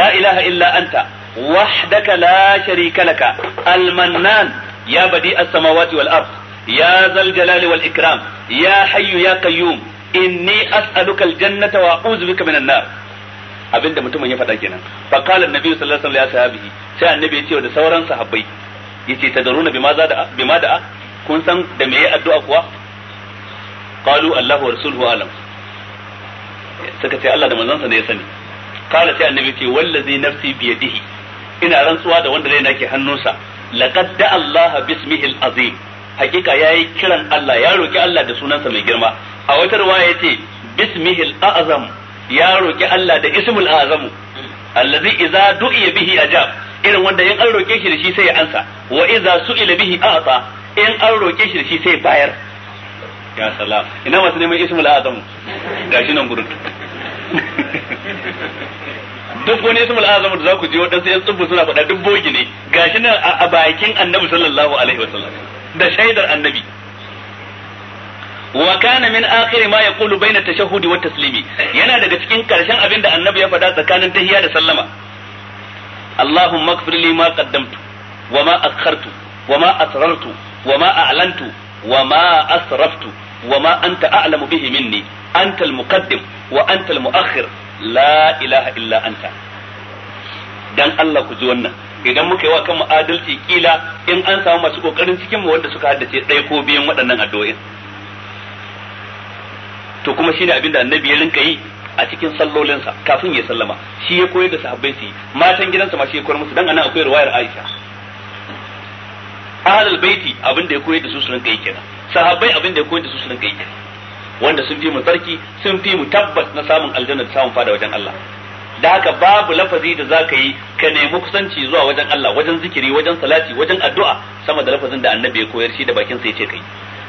la ilaha illa anta wahdaka la sharika laka almannan ya badi as-samawati wal ard ya zal jalali wal ikram ya hayyu ya qayyum inni as'aluka al-jannata wa a'udhu bika minan abinda mutumin ya faɗa kenan fa qala an-nabi sallallahu alaihi wasallam ya sahabi sai annabi ya ce da sauran sahabbai yace tadaruna bima da bima da kun san da me addu'a kuwa qalu Allahu wa rasuluhu alam suka ce Allah da sa ne ya sani qala sai annabi ce wallazi nafsi bi yadihi ina rantsuwa da wanda zai ke hannunsa laqad da Allah al azim hakika yayi kiran Allah ya roki Allah da sunansa mai girma a wata riwaya yace al azam ya roki Allah da ismul azam allazi idza du'iya bihi ajab irin wanda in an roke shi da shi sai ya ansa wa idza su'ila bihi a'ta in an roke shi da shi sai bayar ya salam ina masu neman ismul azam gashi nan gurin duk wani ismul azam da zaku je wadansu yan tsubbu suna faɗa duk bogi ne gashi nan a bakin annabi sallallahu alaihi wasallam da shaidar annabi wa kana min akhir ma yaqulu baina tashahhud wa taslimi yana daga cikin karshen abin da annabi ya faɗa tsakanin tahiyya da sallama Allahumma ighfir li ma qaddamtu wa ma akhartu wa ma asrartu wa ma a'lantu wa ma asraftu wa ma anta a'lamu bihi minni anta al-muqaddim wa anta al-mu'akhir la ilaha illa anta dan Allah ku ji wannan idan muka yi wa kanmu adalci kila in an samu masu kokarin cikin mu wanda suka haddace ɗaya ko biyan waɗannan addu'o'in to kuma shine abin da annabi ya rinka yi a cikin sallolinsa kafin ya sallama shi ya koyar da sahabbai su matan gidansa ma shi ya koyar musu dan anan akwai riwayar Aisha ahlul baiti abin da ya koyar da su su rinka yi kenan sahabbai abin da ya koyar da su su rinka yi kenan wanda sun fi mu tsarki sun fi mu tabbas na samun aljanna da samun fada wajen Allah da haka babu lafazi da zaka yi ka nemi kusanci zuwa wajen Allah wajen zikiri wajen salati wajen addu'a sama da lafazin da annabi ya koyar shi da bakin sa yace kai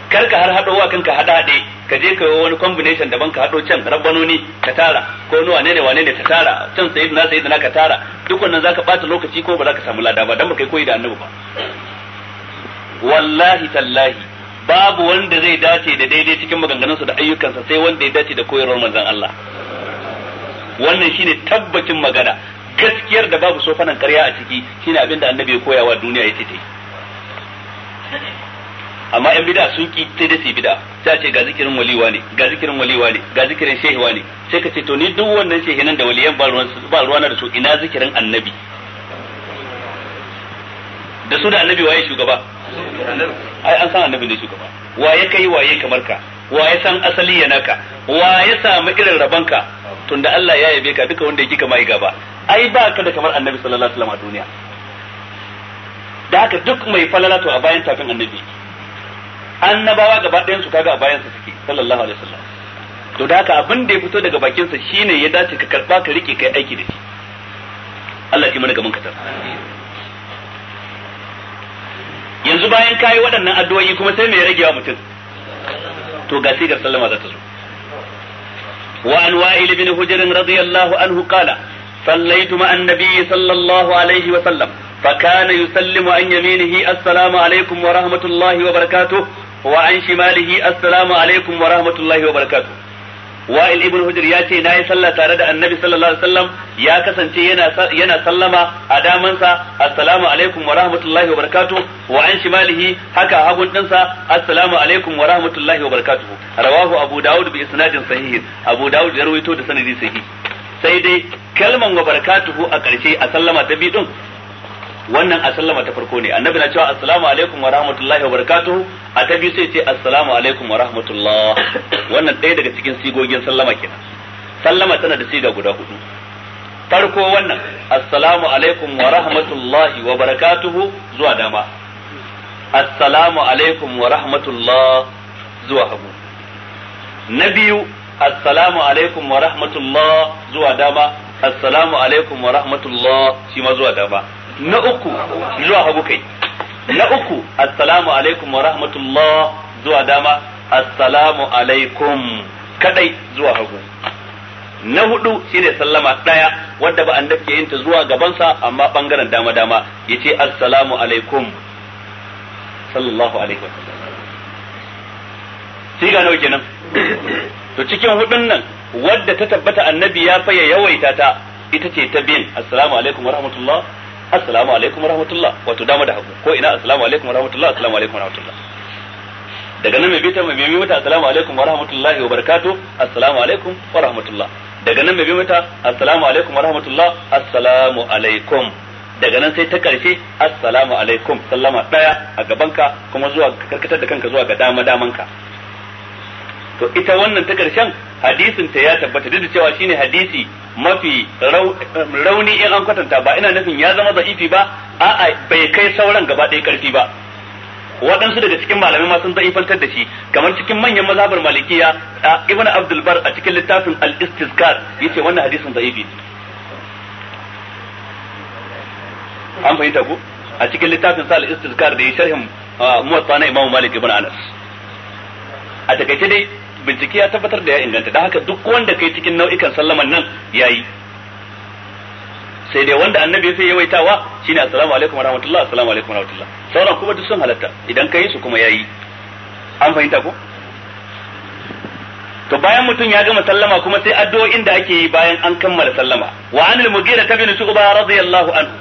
kar ka har hado wa kanka hada hade ka je ka wani combination daban ka hado can rabbanoni ka tara ko ni wane ne wane ne ka tara can sayyidina sayyidina ka tara duk wannan zaka bata lokaci ko ba zaka samu lada ba dan ba kai koyi da annabi ba wallahi tallahi babu wanda zai dace da daidai cikin maganganunsa da ayyukansa sai wanda ya dace da koyarwar manzon Allah wannan shine tabbacin magana gaskiyar da babu sofanan ƙarya a ciki shine abinda annabi ya koyawa duniya ya yi. amma yan bid'a sun ki sai da su bid'a sai a ce ga zikirin waliwa ne ga zikirin waliwa ne ga zikirin shehiwa ne sai ka ce to ni duk wannan shehinan da waliyan ba ruwana da su ina zikirin annabi da su da annabi waye shugaba ai an san annabi ne shugaba wa ya kai waye kamar ka wa ya san asali ya naka wa ya samu irin rabanka tunda Allah ya yabe ka duka wanda yake kama yi gaba ai ba ka da kamar annabi sallallahu alaihi wasallam a duniya da haka duk mai falala to a bayan tafin annabi annabawa gaba ɗayan su kaga a bayan su suke sallallahu alaihi wasallam to da haka abin da ya fito daga bakin sa shine ya dace ka karba ka rike kai aiki da shi Allah ya mana gaban ka yanzu bayan kayi waɗannan addu'o'i kuma sai mai rage wa mutum to ga sigar sallama za ta zo wa an wa'il bin hujr radiyallahu anhu qala sallaytu ma annabi sallallahu alaihi wa sallam fa kana yusallimu an yaminihi assalamu alaikum wa rahmatullahi wa barakatuh wa an shimalihi assalamu alaikum wa rahmatullahi wa barakatuh wa'il ibn hujr ya ce nayi sallah tare da annabi sallallahu alaihi wasallam ya kasance yana yana sallama a damansa assalamu alaikum wa rahmatullahi wa barakatuh wa an shimalihi haka hagun dinsa assalamu alaikum wa rahmatullahi wa barakatuh rawahu abu daud bi isnadin sahih abu daud ya rawaito da sanadi sahih sai dai kalman wa barakatuhu a ƙarshe a sallama ta biyu din wannan a sallama ta farko ne annabi na cewa assalamu alaikum wa rahmatullahi wa barakatuh a ta biyu sai ce assalamu alaikum wa rahmatullah wannan ɗaya daga cikin sigogin sallama kenan sallama tana da siga guda hudu farko wannan assalamu alaikum wa rahmatullahi wa barakatuh zuwa dama assalamu alaikum wa rahmatullah zuwa hagu na biyu assalamu alaikum wa rahmatullah zuwa dama assalamu alaikum wa rahmatullah shi ma zuwa dama na uku zuwa hagu kai na uku assalamu alaikum wa rahmatullah zuwa dama assalamu alaikum kadai zuwa hagu na hudu shine sallama daya wadda ba annabi ke yin ta zuwa gabansa amma bangaren dama dama yace assalamu alaikum sallallahu alaihi wasallam siga nawa kenan to cikin hudun nan wadda ta tabbata annabi ya faya yawaita ta ita ce ta bin assalamu alaikum wa rahmatullah assalamu alaikum wa rahmatullah wato dama da haku ko ina assalamu alaikum wa rahmatullah assalamu alaikum wa rahmatullah daga nan mai bita mai bi mata assalamu alaikum wa rahmatullah wa barakatu assalamu alaikum wa rahmatullah daga nan mai bi mata assalamu alaikum wa rahmatullah assalamu alaikum daga nan sai ta karshe assalamu alaikum sallama daya a gabanka kuma zuwa karkatar da kanka zuwa ga dama damanka to ita wannan ta karshen hadisin ta ya tabbata duk da cewa shine hadisi mafi um, rauni in an kwatanta ba ina nufin ya zama za'ifi ba a'a bai kai sauran gaba ɗaya karfi ba waɗansu daga cikin malamai ma sun za'ifantar da shi kamar cikin manyan mazhabar malikiya ibn abdul bar a cikin littafin al-istizkar yace wannan hadisin za'ifi an fahimta ku a cikin littafin sa al-istizkar da ya sharhin uh, muwatta na imamu malik ibn anas a takaice dai bincike ya tabbatar da ya inganta da haka duk wanda kai cikin nau'ikan sallaman nan ya yi sai dai wanda annabi ya fi yawaitawa shine assalamu alaikum wa rahmatullah assalamu alaikum wa rahmatullah sauran kuma duk sun halatta idan kai su kuma yayi an fahimta ko to bayan mutum ya gama sallama kuma sai addu'o'in da ake yi bayan an kammala sallama wa anil mugira ta bin shu'ba radiyallahu anhu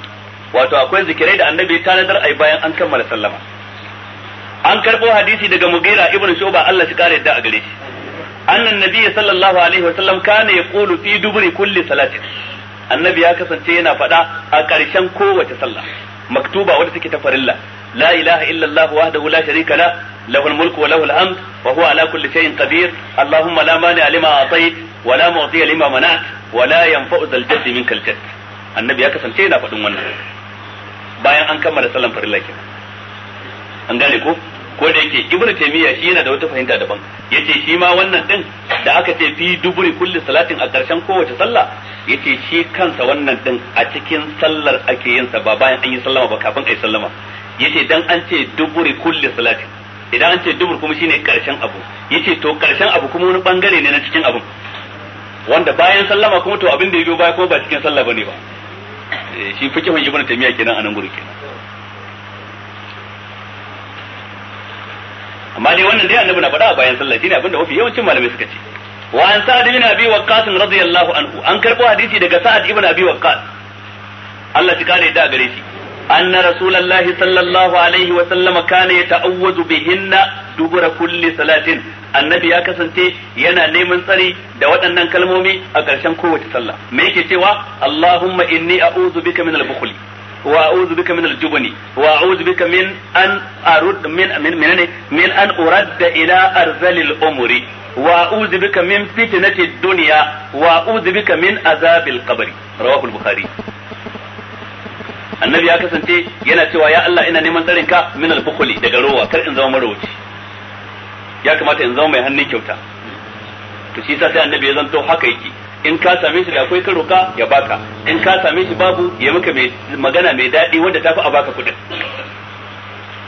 wato akwai zikirai da annabi ta nadar ai bayan an kammala sallama an karbo hadisi daga Mugira ibn Shuba Allah shi kare yadda a gare shi annan nabi sallallahu alaihi wa sallam kana yaqulu fi dubri kulli salatin annabi ya kasance yana faɗa a ƙarshen kowace sallah maktuba wadda take ta farilla la ilaha illa Allah wahdahu la sharika la lahul mulku wa lahul hamd wa huwa ala kulli shay'in qadir allahumma la mani lima atait wa la mu'ti lima mana'at wa la yanfa'u dhal jadd minkal jadd annabi ya kasance yana faɗin wannan bayan an kammala sallan farilla kenan an gane ko ko da yake ibnu taymiya shi yana da wata fahimta daban yace shi ma wannan din da aka ce fi duburi kulli salatin a ƙarshen kowace sallah yace shi kansa wannan din a cikin sallar ake yin sa ba bayan an yi sallama ba kafin kai sallama yace dan an ce duburi kulli salatin idan an ce dubur kuma shine karshen abu yace to karshen abu kuma wani bangare ne na cikin abu, wanda bayan sallama kuma to abin da ya biyo baya kuma ba cikin sallah bane ba eh, shi fikihun ibnu taymiya kenan anan nan guri kenan amma wannan dai annabi na faɗa a bayan sallah shine abinda mafi yawancin malamai suka ce wa an sa'ad ibn abi radiyallahu anhu an karbo hadisi daga sa'ad ibn abi waqqas Allah shi kare da gare shi anna rasulullahi sallallahu alaihi wa sallam kana yata'awwazu bihinna dubura kulli salatin annabi ya kasance yana neman tsari da waɗannan kalmomi a ƙarshen kowace sallah me yake cewa allahumma inni a'udhu bika min al-bukhli wa a'udhu bika min al-jubni wa a'udhu bika min an arud min min min min an uradda ila arzalil umri wa a'udhu bika min fitnati ad-dunya wa a'udhu bika min azabil qabri rawahu al-bukhari annabi ya kasance yana cewa ya Allah ina neman tsarin ka min al-bukhli daga rowa kar in zama marowaci ya kamata in zama mai hannun kyauta to shi yasa sai annabi ya zanto haka yake in ka same shi da akwai ka roka ya baka in ka same shi babu ya maka magana mai daɗi wanda tafi a baka kuɗin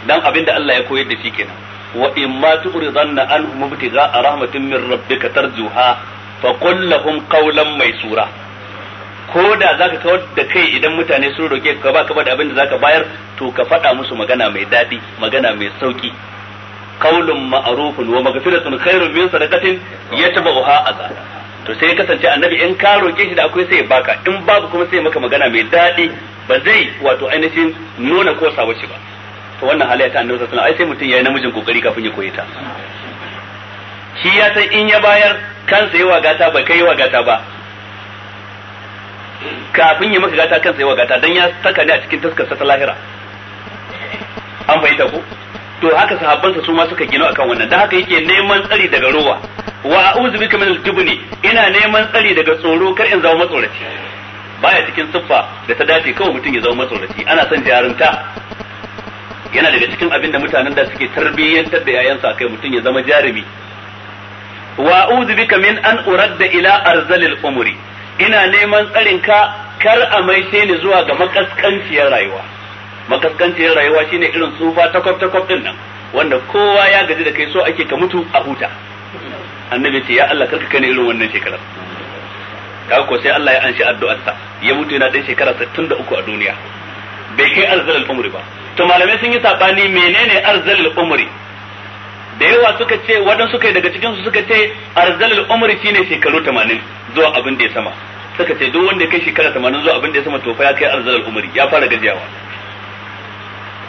dan abin da Allah ya koyar da shi kenan wa in ma zanna an mubtiga rahmatin min rabbika tarjuha fa qul lahum qawlan maysura ko da zaka kawar da kai idan mutane sun roke ka ba ka da abin da zaka bayar to ka faɗa musu magana mai daɗi magana mai sauki qaulun ma'rufun wa maghfiratun khairun min sadaqatin yatba'uha azaba to sai kasance annabi in ka roke shi da akwai sai ya baka in babu kuma sai maka magana mai daɗi ba zai wato ainihin nuna ko sawa shi ba to wannan halayya ta annabi sallallahu alaihi wasallam ai sai mutum yayi namijin kokari kafin ya koyi ta shi ya san in ya bayar kansa yawa gata ba kai yawa gata ba kafin ya maka gata kansa yawa gata dan ya saka ne a cikin taskar ta lahira an ta ku to haka sahabbansa su ma suka gino akan wannan da haka yake neman tsari daga ruwa wa a'udhu bika min al-jubni ina neman tsari daga tsoro kar in zama matsoraci baya cikin siffa da ta dace kawai mutum ya zama matsoraci ana son jarinta. yana daga cikin abinda mutanen da suke tarbiyyantar da yayansa akai mutum ya zama jarumi wa a'udhu bika min an uradda ila arzalil umri ina neman tsarin ka kar a maishe ni zuwa ga makaskanciyar rayuwa makaskanciyar rayuwa shine irin tsufa takwab takwab din nan wanda kowa ya gaji da kai so ake ka mutu a huta annabi ce ya Allah karka kai irin wannan shekarar kaga ko sai Allah ya anshi addu'arsa ya mutu yana dan shekara 63 a duniya bai kai arzalul umri ba to malamai sun yi sabani menene arzalul umri da yawa suka ce wadan suka yi daga cikin su suka ce arzalul umri shine shekaru 80 zuwa abin da ya sama suka ce duk wanda kai shekara 80 zuwa abin da ya sama to fa ya kai arzalul umri ya fara gajiyawa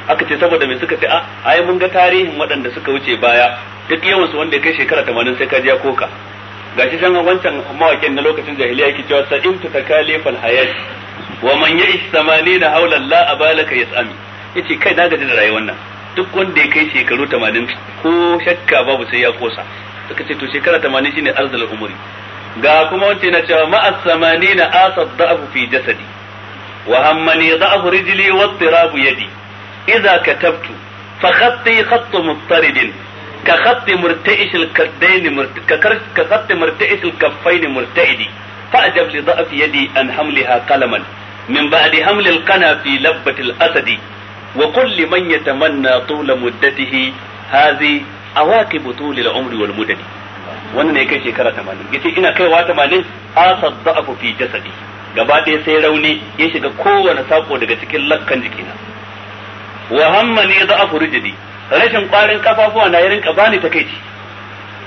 aka ce saboda me suka ce a ah, ai mun ga tarihin waɗanda suka wuce baya duk yawan su wanda ya kai shekara 80 sai ka ji ya koka gashi san wancan mawakin na lokacin jahiliya yake cewa sa'imtu takalifal hayat wa man ya'ish 80 hawla la abalaka yas'ami yace kai na gaji da rayuwar nan duk wanda ya kai shekaru 80 ko shakka babu sai ya kosa suka ce to shekara 80 shine arzul umri ga kuma wancan na cewa as 80 asad da'fu fi jasadi wa hammani da'fu rijli wa tirabu yadi إذا كتبت فخطي خط مضطرد كخط ka khatti كخط الكفين ka فأجب لضعف يدي أن حملها قلما من بعد حمل yadi an hamliha الأسد min لمن يتمنى طول مدته fi labbat طول العمر والمدد wannan ne shekara 80 yace ina kaiwa 80 asad da'afu fi jasadi gaba ɗaya sai rauni ya shiga kowane sako daga cikin lakkan jikina wa hamma ne za a furujidi rashin kwarin kafafuwa na yarin ka bani takeici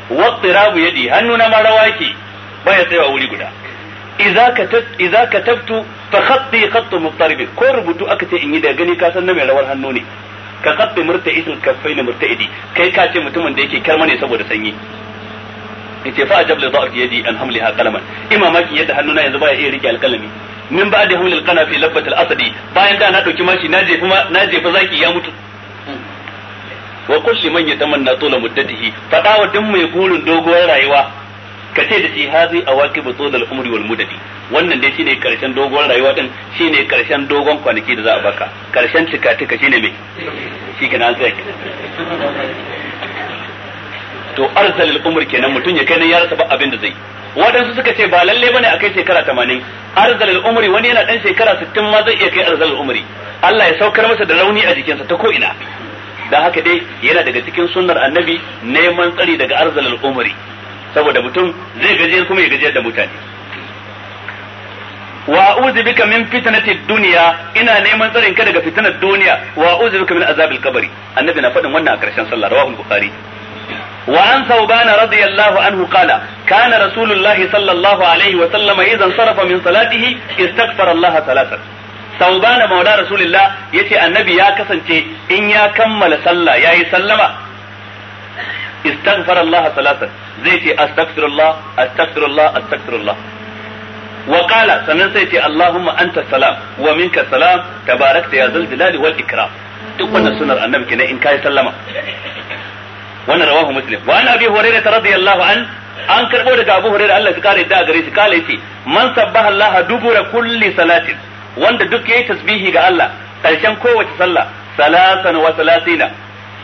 wa tirabu yadi hannuna ma rawa yake baya tsayawa wuri guda idza katat idza katabtu fa khatti khattu muqtarib ko rubutu aka ce in yi da gani ka san na mai rawar hannu ne ka khatti murta'isil murta idi kai ka ce mutumin da yake kyarma ne saboda sanyi yace fa ajab li dha'fi yadi an hamliha qalaman imamaki yadda hannuna yanzu baya iya rike alkalami min ba da hulil kana fi labbat al-asadi bayan da na dauki mashi na jefa na jefa zaki ya mutu wa kulli man yatamanna tula muddatihi fada wa duk mai burin doguwar rayuwa ka ce da shi hazi awaqibu tulal umri wal mudadi wannan dai shine karshen doguwar rayuwa din shine karshen dogon kwanaki da za a baka karshen cika tuka shine me shi kenan zai to al umr kenan mutum ya kai nan ya rasa ba abin da zai waɗansu suka ce ba lalle bane akai shekara 80 al-umr wani yana dan shekara 60 ma zai iya kai al-umr Allah ya saukar masa da rauni a jikinsa ta ko ina dan haka dai yana daga cikin sunnar annabi neman tsari daga al-umr saboda mutum zai gaje kuma ya gajiyar da mutane wa a'udhu bika min fitnati dunya ina neman tsarin ka daga fitnar duniya wa a'udhu bika min azabil qabri annabi na faɗin wannan a karshen sallah rawahul bukhari وعن ثوبان رضي الله عنه قال كان رسول الله صلى الله عليه وسلم إذا انصرف من صلاته استغفر الله ثلاثا ثوبان مولى رسول الله يتي النبي يا كسنتي إن يا كمل صلى يا يسلم استغفر الله ثلاثا زيتي أستغفر الله أستغفر الله أستغفر الله وقال سننسيتي اللهم أنت السلام ومنك السلام تباركت يا ذا الجلال والإكرام duk wannan sunar annabi kenan in kai sallama wannan rawahu muslim wa an abi hurairah radiyallahu an an karbo daga abu hurairah Allah ya kare da gare shi kale yace man sabbaha Allah dubura kulli salatin wanda duk yayi tasbihi ga Allah karshen kowace sallah salasan wa salasina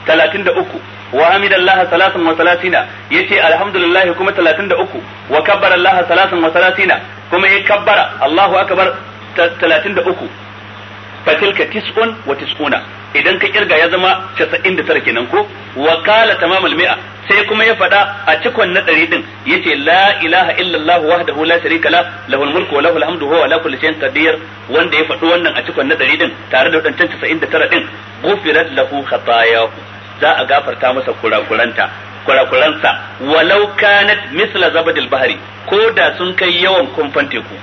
33 wa hamidallahi salasan wa salasina yace alhamdulillah kuma 33 wa kabbara Allah salasan wa salasina kuma yayi kabbara Allahu akbar 33 fatilka tis'un wa tis'una idan ka kirga ya zama 99 kenan ko wa kala tamamul mi'a sai kuma ya fada a cikon na ɗari din yace la ilaha illallah wahdahu la sharika la lahul mulku wa lahul hamdu huwa ala kulli shay'in qadir wanda ya faɗi wannan a cikon na ɗari din tare da wadancan 99 din gufirat lahu khatayahu za a gafarta masa kurakuranta kurakuransa walau kanat misla zabadil bahri ko da sun kai yawan kumfan teku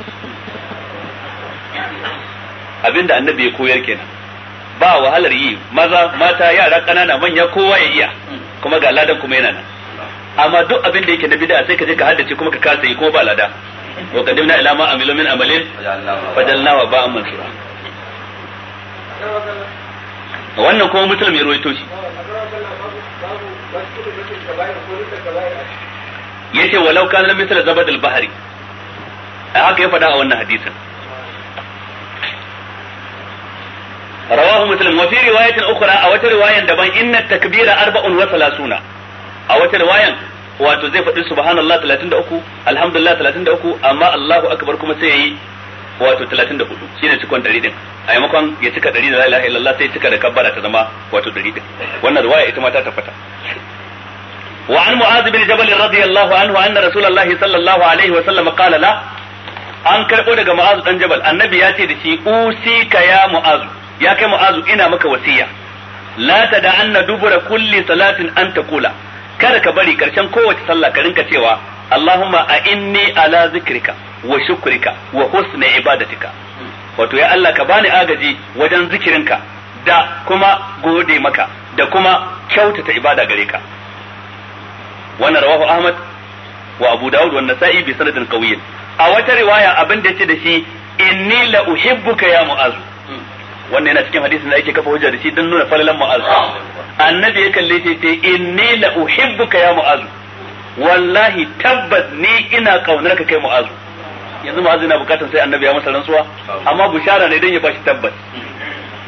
abinda annabi ya koyar kenan ba wahalar yi maza mata yara kanana manya kowa ya iya kuma ga ladan kuma yana nan amma duk abin da yake na bid'a sai ka je ka haddace kuma ka kasa yi kuma ba lada wa qadimna ila ma amilu min amalin fajalnahu ba'an mansura wannan kuma muslim ya ruwaito shi yace walau kana misal zabadul bahri haka ya faɗa a wannan hadisin rawahu muslim wa fi riwayatin ukhra a wata riwayan daban inna takbira arba'un wa salasuna a wata riwayan wato zai faɗi subhanallah 33 alhamdulillah 33 amma Allahu akbar kuma sai yayi wato 34 shine cikon 100 din a yamakon ya cika 100 da la ilaha illallah sai cika da kabbara ta zama wato 100 din wannan riwaya ita ma ta tabbata wa an mu'az bin jabal radiyallahu anhu anna rasulullahi sallallahu alaihi wa sallam qala la an karbo daga mu'az dan jabal annabi ya ce da shi usika ya mu'az ya kai mu'azu ina maka wasiya la tada anna dubura kulli salatin an kula. kada ka bari karshen kowace sallah ka rinka cewa Allahumma a inni ala zikrika wa shukrika wa husni ibadatika wato ya Allah ka bani agaji wajen zikirinka da kuma gode maka da kuma kyautata ibada gare ka wannan rawahu Ahmad wa Abu daud wa Nasa'i bi sanadin qawiyyin a wata riwaya abin da yace da shi inni la uhibbuka ya mu'azu wannan yana cikin hadisin da ake kafa hujja da shi dan nuna falalan mu'az annabi ya kalle shi ce inni la uhibbuka ya mu'az wallahi tabbat ni ina kaunar ka kai mu'az yanzu mu'az yana bukatan sai annabi ya masa rantsuwa amma bushara ne dan ya bashi tabbat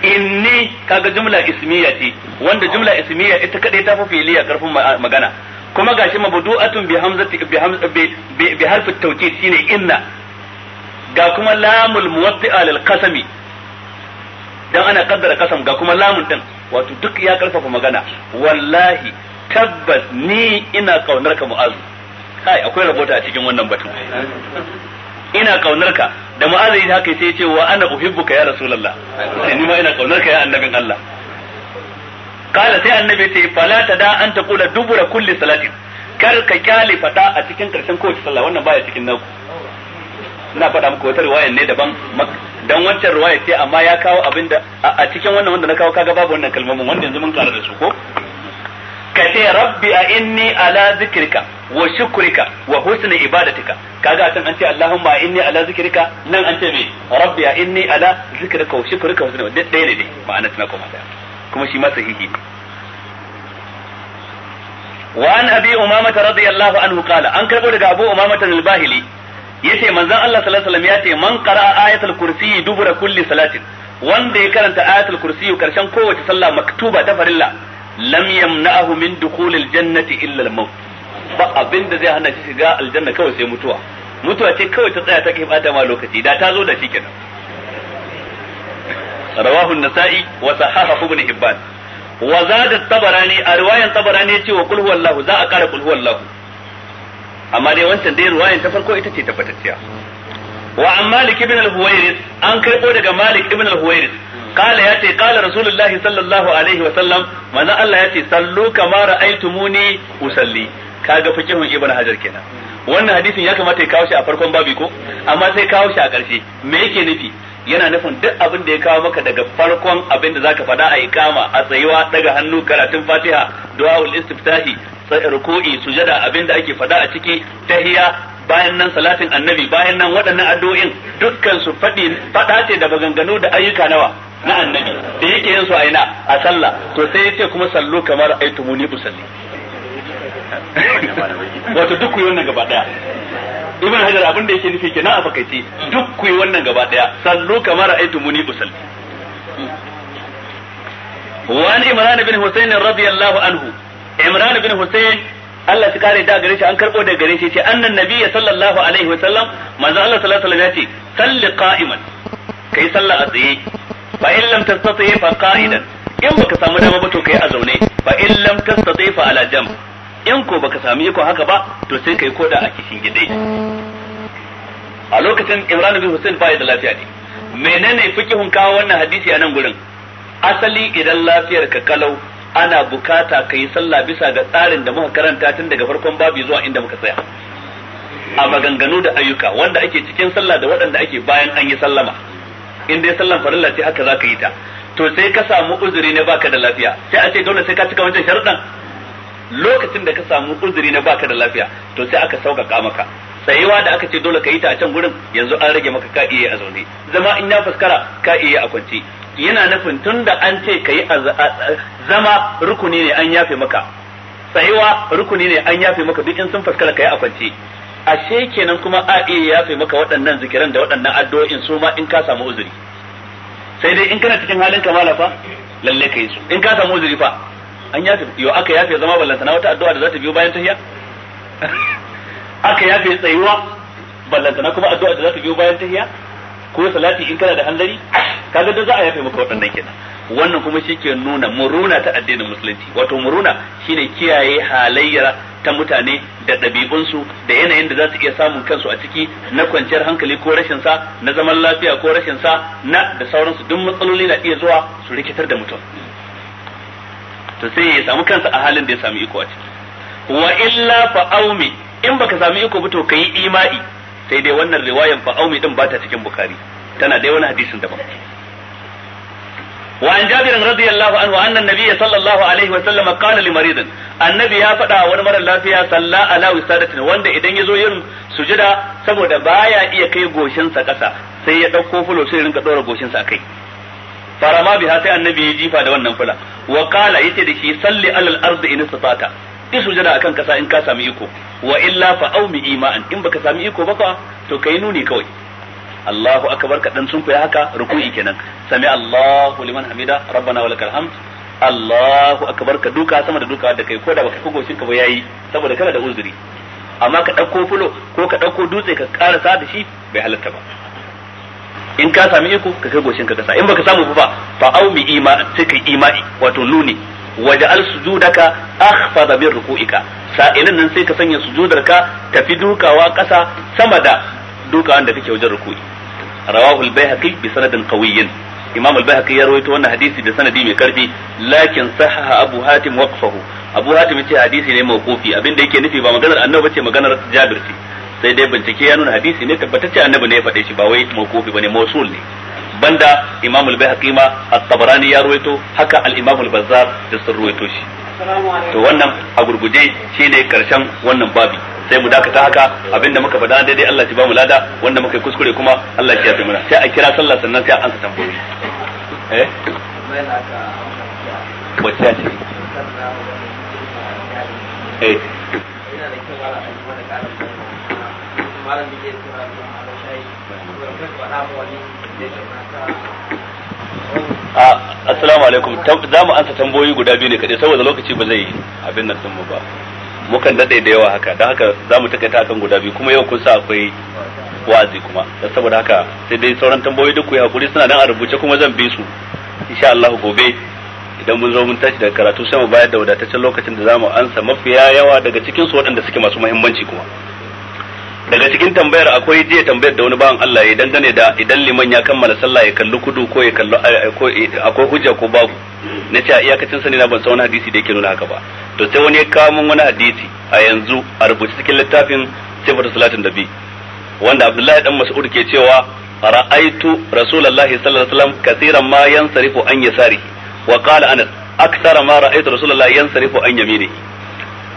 inni kaga jumla ismiya ce wanda jumla ismiya ita kadai ta fi fi'liya karfin magana kuma gashi mabdu'atun bi hamzati bi hamzati bi harfi tawkid shine inna ga kuma lamul muwatti'a lil qasami dan ana kaddara kasam ga kuma lamun din wato duk ya karfafa magana wallahi tabbas ni ina kaunar ka mu'azu kai akwai rabota a cikin wannan batun ina kaunar ka da mu'azu yi haka sai ya ce wa ana uhibbuka ya rasulullah sai ni ma ina kaunar ka ya annabin Allah kala sai annabi sai fala ta da an ta kula dubura kulli salatin kar ka kyale fada a cikin karshen kowace sallah wannan baya cikin naku ina faɗa muku wata riwayar ne daban dan wancan ruwaya ce amma ya kawo abinda a cikin wannan wanda na kawo kaga babu wannan kalmomin wanda yanzu mun kara da su ko ka ce rabbi a inni ala zikirka wa shukurika wa husni ibadatika kaga can an ce allahumma inni ala zikirka nan an ce me rabbi a inni ala zikirka wa shukurika wa husni ɗaya ne dai ma'ana tana koma daya kuma shi ma sahihi ne وعن ابي امامه رضي الله عنه قال an كربو daga abu umamah al-bahili yace manzon Allah sallallahu alaihi wasallam ya ce man qara'a ayatul kursi dubura kulli salatin wanda ya karanta ayatul kursi karshen kowace sallah maktuba ta farilla lam yamna'ahu min dukhulil jannati illa al-maut ba abinda zai hana shi shiga aljanna kawai sai mutuwa mutuwa ce kawai ta tsaya ta kai bata ma lokaci da ta zo da shi kenan rawahu an-nasa'i wa sahahahu ibn hibban wa zada at-tabarani a riwayan tabarani yace wa qul huwallahu za a kara qul huwallahu amma dai wancan dai ruwayan ta farko ita ce tabbatacciya wa an malik ibn al-huwairis an ko daga malik ibn al-huwairis kala yace kala rasulullahi sallallahu alaihi wa sallam manzo Allah yace sallu kama ra'aytumuni usalli kaga fikihun ibn hajar kenan wannan hadisin ya kamata ya kawo shi a farkon babi ko amma sai kawo shi a ƙarshe me yake nufi yana nufin duk abin da ya kawo maka daga farkon abin da zaka faɗa a ikama a tsayuwa daga hannu karatun fatiha du'aul istiftahi ruku'i sujada abin da ake faɗa a ciki tahiya bayan nan salatin annabi bayan nan waɗannan addu'o'in dukkan su faɗi faɗa ce da maganganu da ayyuka nawa na annabi da yake yin su a ina a sallah to sai ya ce kuma sallu kamar aitumuni usalli wato duk ku yi gaba daya ibn hajar abin da yake nufi kenan a fakaice duk ku yi wannan gaba daya sallu kamar muni usalli wa an imran ibn husayn radiyallahu anhu. imran ibn husayn Allah shi kare da gare shi an karbo da gare shi ce annan nabiyya sallallahu alaihi wa sallam manzo Allah sallallahu alaihi ya ce salli qa'iman kai sallah a tsaye fa in lam tastati fa qa'idan in baka samu dama ba to kai a zaune fa in lam tastati fa ala jam in ko baka sami iko haka ba to sai kai koda a kishin gidai a lokacin Imran bin Hussein bai da lafiya ne menene fikihun kawo wannan hadisi a nan gurin asali idan lafiyar ka kalau ana bukata ka yi sallah bisa ga tsarin da muka karanta tun daga farkon babu zuwa inda muka tsaya a maganganu da ayyuka wanda ake cikin sallah da waɗanda ake bayan an yi sallama in dai sallan farilla ce haka za ka yi ta to sai ka samu uzuri ne baka da lafiya sai a ce dole sai ka cika wancan sharuɗan lokacin da ka samu uzuri na baka da lafiya to sai aka sauƙaƙa maka tsayewa da aka ce dole ka yi ta a can gurin yanzu an rage maka ka iya a zaune zama in ya fuskara ka iya a kwance yana nufin tun da an ce ka yi zama rukuni ne an yafe maka tsayewa rukuni ne an yafe maka duk in sun fuskara ka yi a kwance ashe kenan kuma a iya yafe maka waɗannan zikiran da waɗannan addu'o'in su ma in ka samu uzuri sai dai in kana cikin halin kamala fa lalle ka yi su in ka samu uzuri fa an yafe yo aka yafe zama ballantana wata addu'a da za ta biyo bayan tahiya aka yafe tsayuwa ballantana kuma addu'a da za ta biyo bayan tahiya ko salati in kana da handari kaga da za a yafe maka waɗannan kenan wannan kuma shi ke nuna muruna ta addinin musulunci wato muruna shine kiyaye halayyar ta mutane da ɗabi'unsu da yanayin da za su iya samun kansu a ciki na kwanciyar hankali ko rashin sa na zaman lafiya ko rashin sa na da sauransu duk matsaloli na iya zuwa su rikitar da mutum to sai ya samu kansa a halin da ya sami iko a ciki wa illa fa in baka sami iko ba to kai imai sai dai wannan riwayan fa aumi din bata cikin bukhari tana dai wani hadisin daban jabir جابر anhu Annabi ya sallallahu alaihi wa sallam qala li maridin annabi ya fada wa wani mara lafiya salla ala wisadatin wanda idan yazo yin sujada saboda baya iya kai goshin sa kasa sai ya dauko fulo sai rinka dora goshin sa kai farama biha sai annabi ya jifa da wannan fula wa qala yace da shi salli alal ardi in istata ki sujada akan kasa in ka sami iko wa illa fa aumi ima'an in baka sami iko baka to kai nuni kawai Allahu akbar dan sun fi haka ruku'i kenan sami Allahu liman hamida rabbana walakal hamd Allahu akbar ka duka sama da duka da kai ko da baka kogo ka ba yayi saboda kana da uzuri amma ka dauko fulo ko ka dauko dutse ka karasa da shi bai halatta ba in ka sami iko ka kai goshin ka kasa in baka samu ba fa aumi ima tika ima'i wato nuni waja'al sujudaka akhfada min ruku'ika sa'ilin nan sai ka sanya sujudarka tafi dukawa kasa sama da dukawan da kake wajen ruku'i rawahu al-baihaqi bi sanadin qawiyyin imam al-baihaqi ya rawaito wannan hadisi da sanadi mai karfi lakin sahaha abu hatim waqfahu abu hatim ce hadisi ne mawqufi abinda yake nufi ba maganar annabi bace maganar jabir ce sai dai bincike ya nuna hadisi ne tabbatacce annabi ne ya faɗe shi ba wai mawqufi bane mawsul ne banda Imam al bayhaqi ma at-Tabarani ya ruwaito haka al-Imam al-Bazzar da sun ruwaito shi to wannan a gurguje shine karshen wannan babi sai mu dakata haka abinda muka faɗa daidai Allah ya ba mu lada wanda muka kuskure kuma Allah ya yafe mana sai a kira sallah sannan sai a ansa tambayoyi eh wacce ce eh malam da ke tura da assalamu alaikum za mu ansa tambayoyi guda biyu ne kaɗai saboda lokaci ba zai abin nan mu ba mukan daɗe da yawa haka don haka za mu taƙaita akan guda biyu kuma yau kun sa akwai wa'azi kuma saboda haka sai dai sauran tambayoyi duk ku yi hakuri suna nan a rubuce kuma zan bi su insha Allah gobe idan mun zo mun tashi daga karatu sai mu bayar da wadataccen lokacin da za mu ansa mafiya yawa daga cikin su waɗanda suke masu muhimmanci kuma daga cikin tambayar akwai jiya tambayar da wani bawan Allah ya dangane da idan liman ya kammala sallah ya kalli kudu ko ya kalli eh, eh, eh, akwai hujja ko babu na ce a iyakacin sani na ban san wani hadisi da yake nuna haka ba to sai wani ya kawo mun wani hadisi a yanzu a rubuce cikin littafin sifatu salatin da bi wanda Abdullahi dan Mas'ud ke cewa ra'aitu rasulullahi sallallahu alaihi wasallam kaseeran ma yansarifu an yasari wa qala anas aktsara ma ra'aitu rasulullahi yansarifu an yamini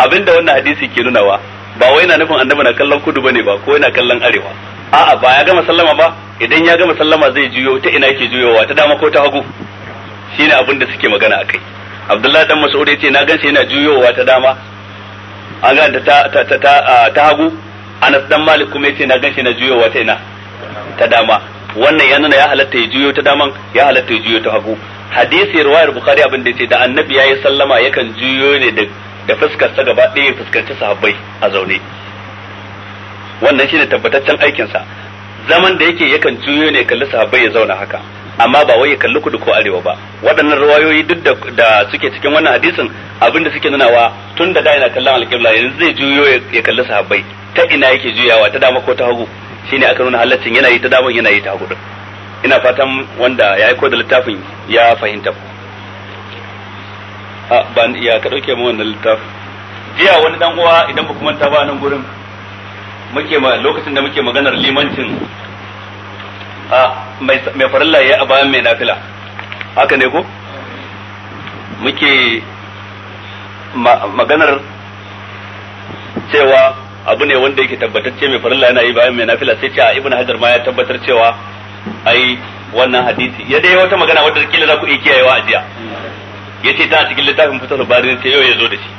abinda wannan hadisi ke nunawa ba wai na nufin annabi na kallon kudu bane ba ko yana kallon arewa a'a ba ya gama sallama ba idan ya gama sallama zai juyo ta ina yake juyowa ta dama ko ta hagu shine abin da suke magana akai Abdullahi dan Mas'ud yace na ganshi yana juyowa ta dama an ga ta ta ta ta hagu Anas dan Malik kuma yace na ganshi yana juyowa ta ina ta dama wannan ya nuna ya halatta ya juyo ta daman ya halatta ya juyo ta hagu hadisi riwayar Bukhari abin da yace da annabi yayi sallama yakan juyo ne da da fuskarsa gaba ɗaya ya fuskanci sahabbai a zaune wannan shine tabbataccen aikin sa zaman da yake yakan juyo ne kalli sahabbai ya zauna haka amma ba wai ya kalli kudu ko arewa ba waɗannan rawayoyi duk da da suke cikin wannan hadisin abinda suke nunawa tun da da yana kallon alƙibla yanzu zai juyo ya kalli sahabbai ta ina yake juyawa ta dama ko ta hagu shine aka nuna halaccin yana yi ta dama yana yi ta hagu ina fatan wanda ya aiko da littafin ya fahimta ban iya ka dauke mu wannan jiya wani dan uwa idan ba ta ba nan gurin muke ma lokacin da muke maganar limancin a mai farilla ya a bayan mai nafila haka ne ko muke maganar cewa abu ne wanda yake tabbatacce mai farilla yana yi bayan mai nafila sai ce a ibn hajar ma ya tabbatar cewa ai wannan hadisi ya dai wata magana wadda kila za ku iya kiyayewa a jiya ce ta a cikin littafin fatal barin sai yau ya zo da shi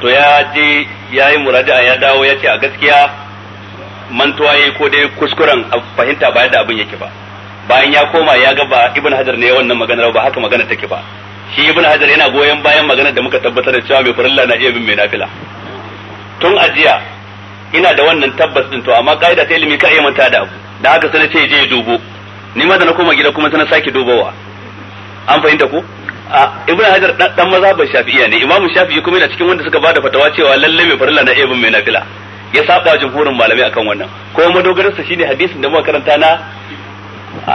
to ya je ya yi a ya dawo ya ce a gaskiya mantuwa yi ko dai kuskuren fahimta ba yadda abin yake ba bayan ya koma ya ga ba ibn hajar ne wannan maganar ba haka magana take ba shi ibn hajar yana goyon bayan maganar da muka tabbatar da cewa mai farilla na iya bin mai nafila tun ajiya ina da wannan tabbas din to amma kaida ta ilimi ka iya manta da abu da haka sai ce je dubo ni ma da na koma gida kuma sai na sake dubowa an fahimta ko ibn hajar dan mazhabin shafi'iyya ne Imam shafi'i kuma yana cikin wanda suka bada fatawa cewa lalle mai farilla na ibn mai nafila ya saba jumhurin malamai akan wannan ko sa shine hadisin da muka karanta na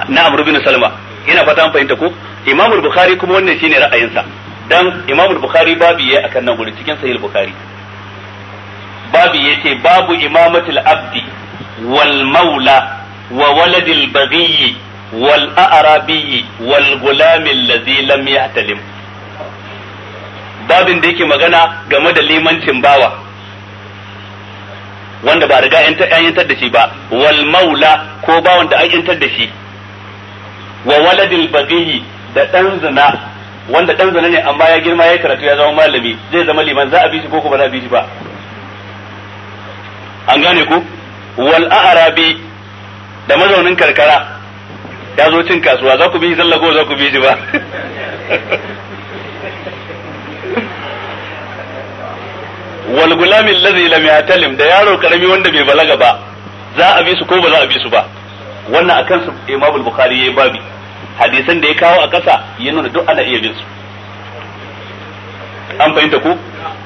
na amr bin salma ina fata an fahimta ko Imam bukhari kuma wannan shine ra'ayinsa dan Imam bukhari babu yayi akan nan gurin cikin sahih bukhari babu yace babu imamatul abdi wal maula wa waladil baghi wal a'rabi wal gulam allazi lam yahtalim babin da yake magana game da limancin bawa wanda ba riga an yantar da shi ba wal maula ko bawan da an yantar da shi wa waladil baghi da dan zina wanda dan zina ne amma ya girma ya karatu ya zama malami zai zama liman za a bi shi ko ba za a bi shi ba an gane ku wal a'rabi da mazaunin karkara ya zo cin kasuwa za ku bi zalla ko za ku bi shi ba wal gulam alladhi lam yatalim da yaro karami wanda bai balaga ba za a bi su ko ba za a bi su ba wannan akan su imamu bukhari yayi babi hadisan da ya kawo a ƙasa ya nuna duk ana iya bin su an fahimta ku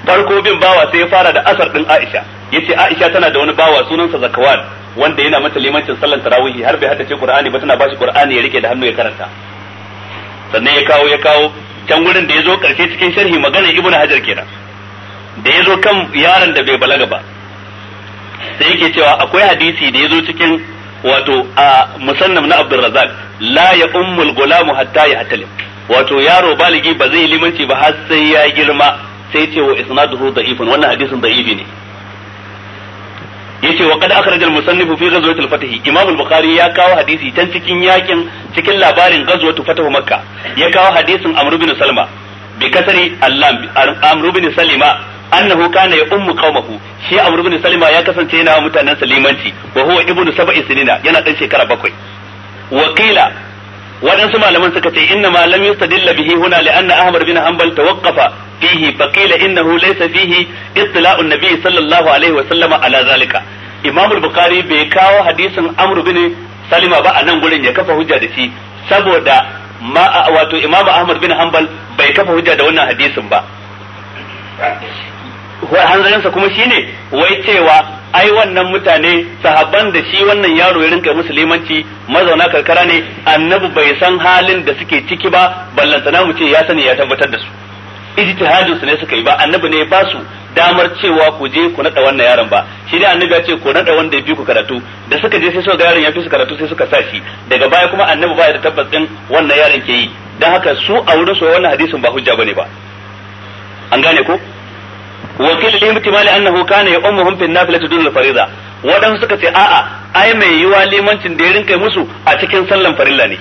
farko bin bawa sai ya fara da asar din Aisha yace Aisha tana da wani bawa sunansa Zakawan wanda yana mata limancin sallar tarawih har bai haddace qur'ani ba tana shi qur'ani ya rike da hannu ya karanta sannan ya kawo ya kawo can wurin da yazo karshe cikin sharhi magana ibn hajar kenan da yazo kan yaron da bai balaga ba sai yake cewa akwai hadisi da yazo cikin wato a musannam na abdurrazzaq la ya ummul gulamu hatta ya hatalim wato yaro baligi ba zai limanci ba har sai ya girma sai ce wa isnaduhu da'ifun wannan hadisin da'ifi ne yace wa kada akhraj al musannifu fi ghazwat al fath imam al bukhari ya kawo hadisi tan cikin yakin cikin labarin ghazwat fatah makka ya kawo hadisin amr bin salma bi kasri allam amr salima annahu kana ya ummu qaumahu shi amr bin salima ya kasance yana mutanen salimanci wa huwa ibnu sab'i sinina yana dan shekara bakwai wakila waɗansu malaman suka ce inna ma lam yustadilla bihi huna li anna ahmar bin hanbal tawaqqafa fihi fa qila innahu laysa fihi istila'u nabi sallallahu alaihi wa sallama ala zalika imam al-bukhari bai kawo hadisin amr bin salima ba a nan gurin ya kafa hujja da shi saboda ma wato imam ahmad bin hanbal bai kafa hujja da wannan hadisin ba hanzarinsa kuma shi ne wai cewa ai wannan mutane sahabban da shi wannan yaro ya rinka musulmanci mazauna karkara ne annabi bai san halin da suke ciki ba ballantana mu ce ya sani ya tabbatar da su ijtihadin su ne suka yi ba annabi ne ba su damar cewa ku je ku nada wannan yaron ba shi ne annabi ya ce ku nada wanda ya bi ku karatu da suka je sai suka ga yaron ya fi su karatu sai suka sa shi daga baya kuma annabi ba ya da tabbas din wannan yaron ke yi dan haka su a wurin su wannan hadisin ba hujja bane ba an gane ko wakil mali annahu kana ya ummuhum fi nafilati dun al-fariza wadan suka ce a'a ai mai yiwa limancin da ya rinka musu a cikin sallan farilla ne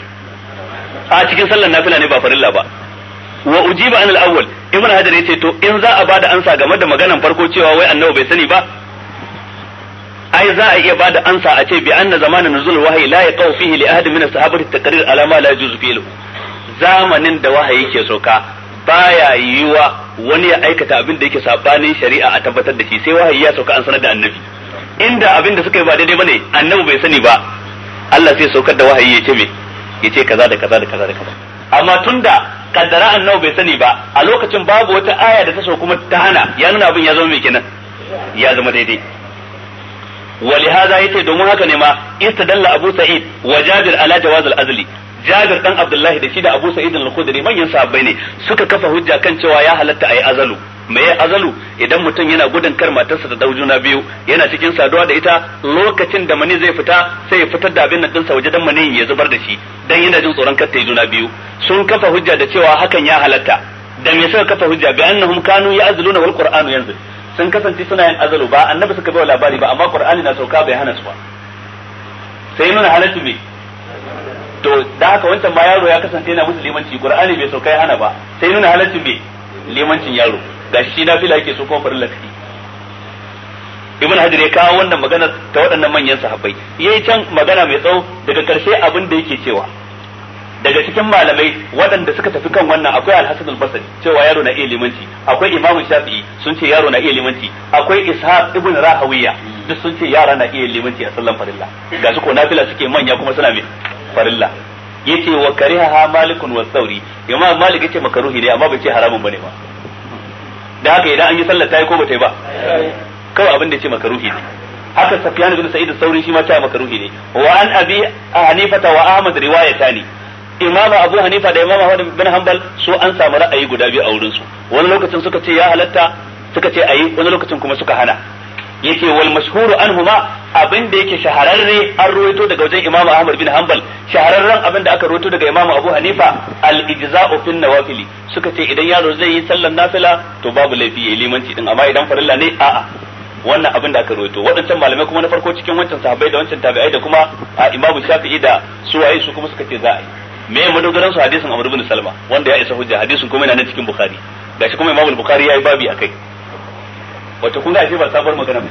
a cikin sallan nafila ne ba farilla ba wa ujiba an al-awwal ibn hajar yace to in za a bada ansa game da maganan farko cewa wai annabi bai sani ba ai za a iya bada ansa a ce bi anna zamanin nuzul wahyi la yaqau fihi li ahadin min as-sahabati taqrir ala ma la yajuzu fihi zamanin da wahayi ke soka baya yiwa wani ya aikata abin da yake sabanin shari'a a tabbatar da shi sai wahayi ya sauka an sanar da annabi inda abin da suka yi ba daidai bane annabi bai sani ba Allah sai saukar da wahayi ya ce me ya ce kaza da kaza da kaza da kaza amma tunda kaddara annabi bai sani ba a lokacin babu wata aya da ta so kuma ta hana ya nuna abin ya zama me kenan ya zama daidai ولهذا yace domin haka ne ma istadalla Abu Sa'id wa Jabir ala jawazul azli Jabir dan Abdullahi da shi da Abu Sa'id al-Khudri manyan sahabbai ne suka kafa hujja kan cewa ya halatta ayi azalu me ya azalu idan mutum yana gudun kar matarsa da daujuna biyu yana cikin saduwa da ita lokacin da mani zai fita sai ya fitar da abin nan dinsa waje dan mani ya zubar da shi dan yana jin tsoron kar ta juna biyu sun kafa hujja da cewa hakan ya halatta da me suka kafa hujja ga annahum kanu na wal qur'anu yanzu sun kasance suna yin azalu ba annabi suka bai labari ba amma qur'ani na sauka bai hana su ba sai nuna halatta to da haka wancan ma yaro ya kasance yana musu limanci qur'ani bai sauka ya hana ba sai nuna halaccin bai limancin yaro gashi shi fila yake so kuma farin lafi ibn hajar ya kawo wannan magana ta waɗannan manyan sahabbai yayi can magana mai tsawo daga karshe abin da yake cewa daga cikin malamai waɗanda suka tafi kan wannan akwai al-hasan cewa yaro na iya limanci akwai imamu shafi'i sun ce yaro na iya limanci akwai ishaq ibn rahawiya duk sun ce yara na iya limanci a sallan farilla ga su ko nafila suke manya kuma suna mai farilla yace wa kariha malikun wa sauri imam malik yace makaruhi ne amma bai ce haramun bane ba da haka idan an yi sallar tayi ko bata yi ba kawai abin da yace makaruhi ne haka safiyan bin sa'id sauri shi ma ta makaruhi ne wa an abi hanifa wa ahmad riwayatani imam abu hanifa da imam ahmad bin hanbal su an samu ra'ayi guda biyu a wurin su wani lokacin suka ce ya halatta suka ce ayi wani lokacin kuma suka hana yake wal mashhuru anhuma abin da yake shahararre an ruwaito daga wajen Imam Ahmad bin Hanbal shahararren abin da aka ruwaito daga Imam Abu Hanifa al ijza'u fil nawafili suka ce idan yaro zai yi sallar nafila to babu laifi yayi limanci din amma idan farilla ne a'a wannan abin da aka ruwaito waɗancan malamai kuma na farko cikin wancan sahabbai da wancan tabi'ai da kuma a Imam Shafi'i da waye su kuma suka ce za a yi me ya madogaran su hadisin Amr bin Salma wanda ya isa hujja hadisin kuma yana nan cikin Bukhari gashi kuma Imam Bukhari yayi babi akai wato kun ga ashe ba sabuwar magana ba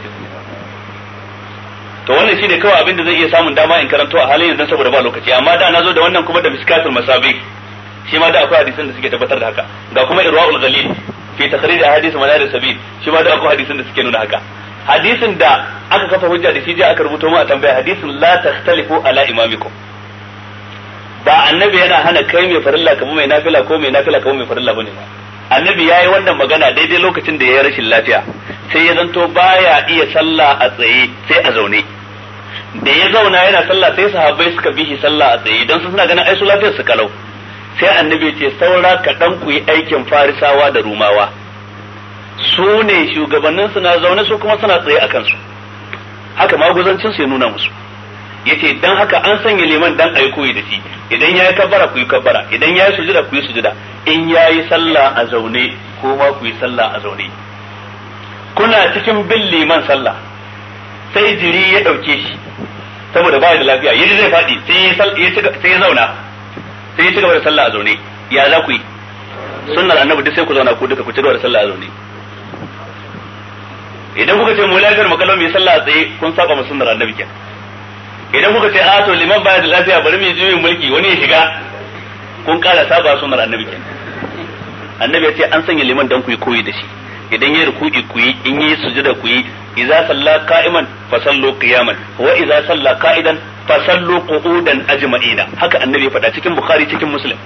to wannan shine kawai abin da zai iya samun dama in karanto a halin yanzu saboda ba lokaci amma da na zo da wannan kuma da miskatul masabi shi ma da akwai hadisin da suke tabbatar da haka ga kuma irwaul ghalil fi takrir ahadith manar sabil shi ma da akwai hadisin da suke nuna haka hadisin da aka kafa hujja da shi je aka rubuto mu a tambaya hadisin la takhtalifu ala imamikum ba annabi yana hana kai mai farilla kabu mai nafila ko mai nafila kabu mai farilla bane ba annabi ya yi wannan magana daidai lokacin da ya yi rashin lafiya sai ya zanto baya iya sallah a tsaye sai a zaune da ya zauna yana sallah sai sahabbai suka bi shi sallah a tsaye don suna ganin aisu su lafiyar su kalau sai annabi ce saura kaɗan ku yi aikin farisawa da rumawa su ne shugabannin suna zaune su kuma suna tsaye a kansu haka maguzancin su ya nuna musu yace dan haka an sanya liman dan ayi koyi da shi idan yayi kabbara ku yi kabbara idan yayi sujuda ku yi sujuda in yayi sallah a zaune ko ma ku yi sallah a zaune kuna cikin bin liman sallah sai jiri ya dauke shi saboda ba da lafiya yaji zai fadi sai ya zauna sai ya ci gaba da sallah a zaune ya za ku yi sunnar annabi duk sai ku zauna ku duka ku ci gaba da sallah a zaune idan kuka ce mu lafiyar mu kallon mu yi sallah a tsaye kun saba mu sunnar annabi kenan idan kuka ce ato ah, to liman baya da lafiya bari mu juyin mulki wani ya shiga kun kara saba sunar annabi kenan annabi ya ce an sanya liman dan ku yi koyi da shi idan ya ruku'i ku yi in yi sujada ku yi idza salla qa'iman fa sallu qiyaman wa idza salla qa'idan fa sallu qu'udan ajma'ina haka annabi ya faɗa cikin bukhari cikin muslim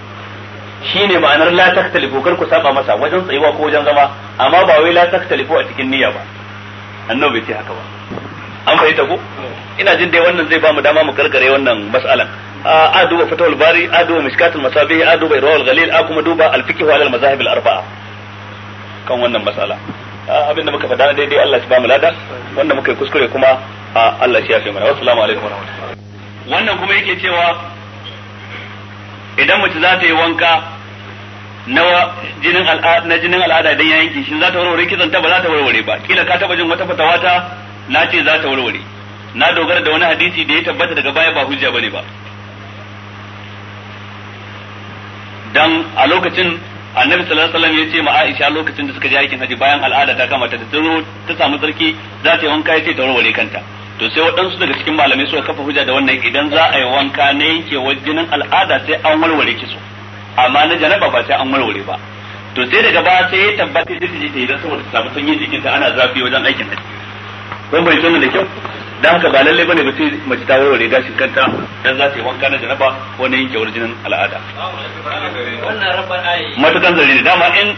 shine ma'anar la taktalifu kar ku saba masa wajen tsayuwa ko wajen zama amma ba wai la taktalifu a cikin niyya ba annabi ya ce haka ba an fahimta ko ina jin dai wannan zai ba mu dama mu karkare wannan mas'alan a duba fatawul bari a duba mishkatul masabih a duba irwal ghalil a kuma duba al fiqh wal mazahib al arba'a kan wannan mas'ala abin da muka faɗa daidai Allah shi ba mu lada wanda muka yi kuskure kuma Allah shi ya fi mana assalamu alaikum wannan kuma yake cewa idan mace za ta yi wanka na jinin al'ada na jinin al'ada idan ya yanki shin za ta warware kitsan ta ba za ta warware ba kila ka taba jin wata fatawa ta na ce za ta warware na dogara da wani hadisi da ya tabbata daga baya ba hujja bane ba dan a lokacin annabi sallallahu alaihi wasallam ya ce ma Aisha lokacin da suka je aikin haji bayan al'ada ta kama ta ta zo ta samu sarki za ta yi wanka ya ce ta warware kanta to sai waɗansu daga cikin malamai suka kafa hujja da wannan idan za a yi wanka na yankewar jinin al'ada sai an warware ki kiso amma na janaba ba sai an warware ba to sai daga baya sai ya tabbata da ta je ta yi don saboda ta samu sanyin jikinta ana zafi wajen aikin haji ban bai sanin da kyau dan haka ba lalle bane ba sai mace ta warware gashin kanta dan za ta yi wanka na janaba ko na yanke wani jinin al'ada matukan zari ne dama in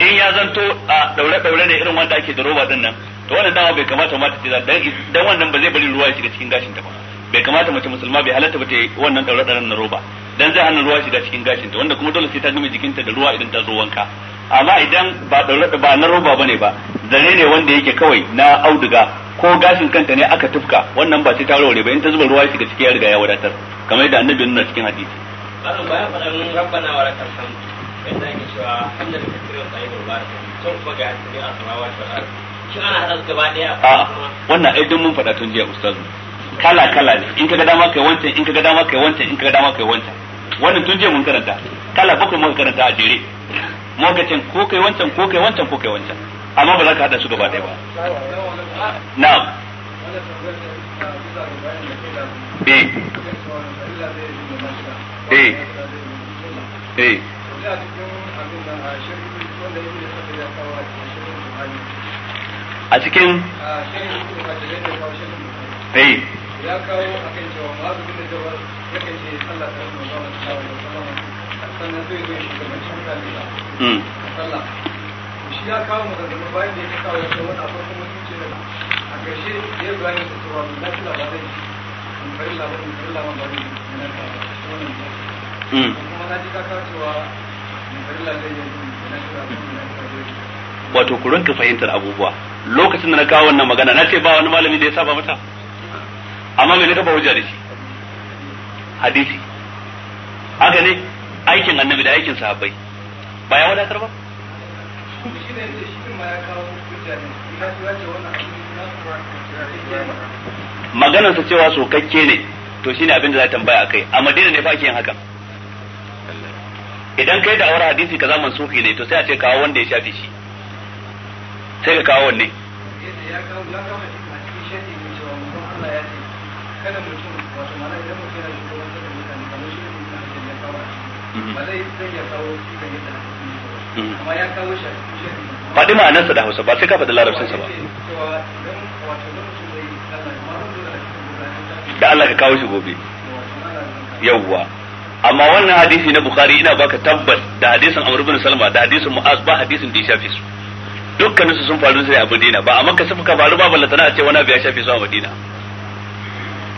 in ya zanto a daure daure ne irin wanda ake da roba din nan to wannan dama bai kamata mata ta dan dan wannan ba zai bari ruwa ya shiga cikin gashin ta ba bai kamata mace musulma bai halatta ba ta yi wannan daure daure na roba dan zai hana ruwa shiga cikin gashinta wanda kuma dole sai ta gama jikinta da ruwa idan ta zo wanka amma idan ba ba na roba bane ba zare ne wanda yake kawai na auduga ko gashin kanta ne aka tufka wannan ba sai ta rore ba in ta zuba ruwa shiga ciki ya riga ya wadatar kamar yadda annabi nuna cikin hadisi bayan bayan faɗan rabbana wa lakal hamd yadda yake cewa hamdan katsirin tsayyidul barak tun kuma ga asiri asmawa ta shi ana hada gaba daya a wannan ai mun faɗa tun jiya ustazu kala kala ne in kaga dama kai wancan in kaga dama kai wancan in kaga dama kai wancan wannan tun je mun karanta kala bakwai mun karanta a jere mokacin ko kai wancan ko kai wancan ko kai wancan amma ba za ka hada su gaba ɗaya ba na'am eh eh eh a cikin eh ya kawo a cewa su da jawar ya kan ce sallah ta yi da da hmm. sannan shi ya kawo bayan da ya kawo wani a ƙarshe ya zuwa labarai in bari ta ka in wato ku fahimtar abubuwa lokacin da na kawo wannan magana na ce ba wani malami da ya saba mata amma mai na kafa hujja da shi hadisi haka ne aikin annabi da aikin sahabbai ba ya wadatar ba maganarsa cewa sokakke ne to shine abin da za tambaya kai a madina ne fa ake yin hakan idan kai da awar hadisi ka zaman sufi ne to sai a ce kawo wanda ya shafi shi sai ka kawo wanne kada mutum wato mana idan mutum yana shiga wani da mutane ya kawo a mhm. ba a cikin faɗi da Hausa ba sai ka faɗi sa ba da Allah ka kawo shi gobe yawwa amma wannan hadisi na Bukhari ina baka tabbas da hadisin Amr ibn Salma da hadisin Mu'az ba hadisin da ya shafe su sun faru sai a Madina ba a Makka ka faru ba ballatana a ce wani abu ya shafe su a Madina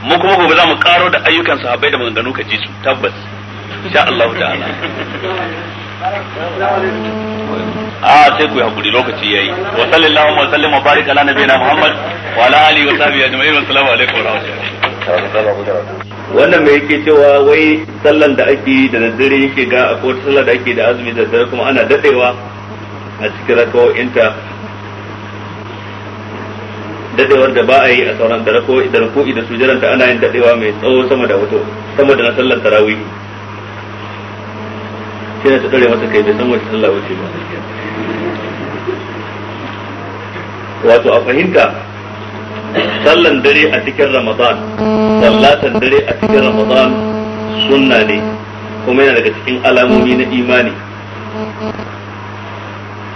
mu kuma gobe za mu karo da ayyukan sahabbai da maganganu ka ji su tabbas insha Allah ta'ala a ah, sai ku hakuri lokaci yayi wa sallallahu wa wa barik ala nabiyina muhammad wa ala alihi wa sahbihi ajma'in assalamu alaikum wa rahmatullahi wannan mai yake cewa wai sallan da ake da daddare yake ga akwai sallar da ake da azumi da dare kuma ana dadewa a cikin rakawoyinta dadewar da ba a yi a sauran da rako da ruku'i da da ana yin dadewa mai tsawo sama da wato sama da na sallar tarawih shi na ta masa kai bai san wace sallah wuce ba wato a fahimta sallan dare a cikin ramadan sallatan dare a cikin ramadan sunna ne kuma yana daga cikin alamomi na imani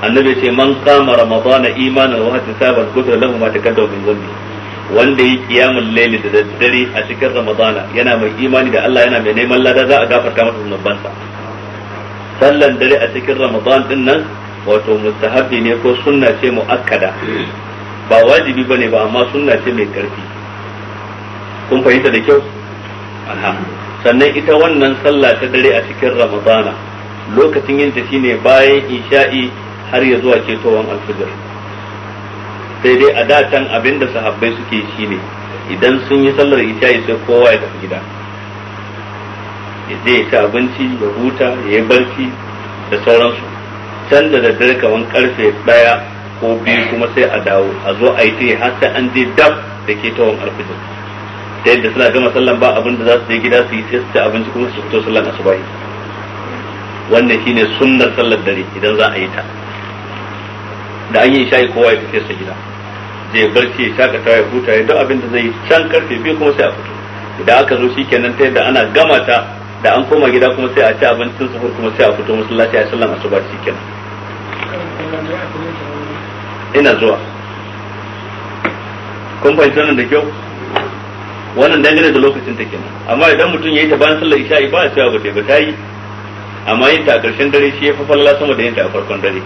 annabi ce man kama ramadana imanan wa ihtisaban kutira lahu ma takaddu min dhanbi wanda yi qiyamul layli da daddare a cikin ramadana yana mai imani da Allah yana mai neman lada za a gafarta masa zunubansa sallan dare a cikin ramadan din nan wato mustahabi ne ko sunna ce muakkada ba wajibi bane ba amma sunna ce mai karfi kun fahimta da kyau sannan ita wannan sallah ta dare a cikin ramadana lokacin yin ta shine bayan isha'i har ya zuwa ketowan alfijir sai dai a da datan abinda sahabbai suke shi ne idan sun yi sallar isha'i sai kowa ya tafi gida ya je ya ci abinci ya huta ya yi barci da sauransu can da daddare kamar karfe daya ko biyu kuma sai a dawo a zo a yi ta har sai an je dab da ketawan alfijir ta yadda suna gama sallan ba abin da za su je gida su yi sai su ci abinci kuma su fito sallan asubahi wannan shine sunnar sallar dare idan za a yi ta da an yi shayi kowa ya fice sa gida zai barci ya shakata ya huta ya duk abin da zai can karfe biyu kuma sai a fito idan aka zo shikenan ta yadda ana gama ta da an koma gida kuma sai a ci abincin sahur kuma sai a fito masallaci a sallan asuba shikenan ina zuwa kun fahimta nan da kyau wannan dangane da lokacin ta kenan amma idan mutum ya yi ta bayan sallar isha'i ba a cewa ba ta yi ba ta yi amma yin ta a ƙarshen dare shi ya fi sama da yin ta a farkon dare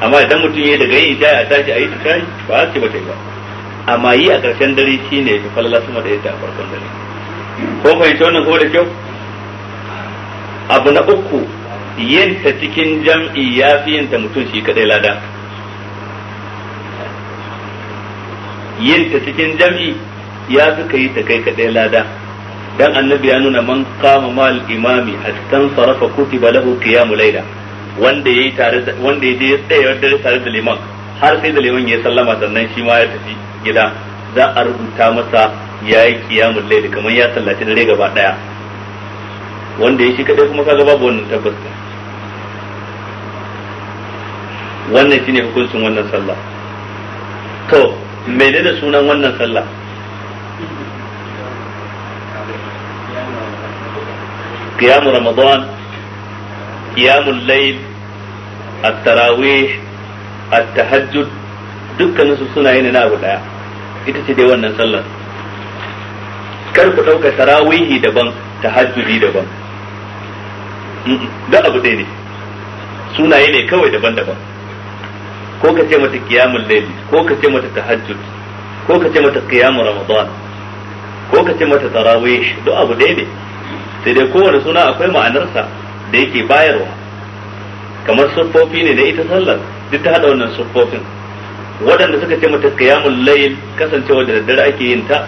amma idan mutum ya daga yin isha a tashi a yi ta yi ba a ce bata yi ba amma yi a ƙarshen dare shi ne fi falala sama da yadda a farkon dare ko fahimci wannan ko da kyau abu na uku yin ta cikin jam'i ya fi yin ta mutum shi kadai lada yin ta cikin jam'i ya fi ka yi ta kai kadai lada dan annabi ya nuna man kama mal imami hatta sarafa kutiba lahu qiyamul layla wanda yayi tare da wanda ya je tsaya dare tare da liman har sai da liman ya sallama sannan shi ma ya tafi gida za a rubuta masa yayi kiyamul layl kamar ya sallaci dare gaba daya wanda ya shi kadai kuma kaga babu wannan tabbas wannan shine hukuncin wannan sallah to menene sunan wannan sallah قيام ramadan قيام layl at-tarawih at-tahajjud dukkanin su suna yin na abu daya ita ce dai wannan sallar kar ku dauka tarawihi daban tahajjudi daban da abu dai ne sunaye ne kawai daban-daban ko ka ce mata qiyamul layli ko ka ce mata tahajjud ko ka ce mata qiyamul ramadan ko ka ce mata tarawih duk abu dai ne sai dai kowane suna akwai ma'anarsa da yake bayarwa kamar siffofi ne da ita sallar duk ta hada wannan siffofin waɗanda suka ce mata qiyamul layl kasancewa da daddare ake yin ta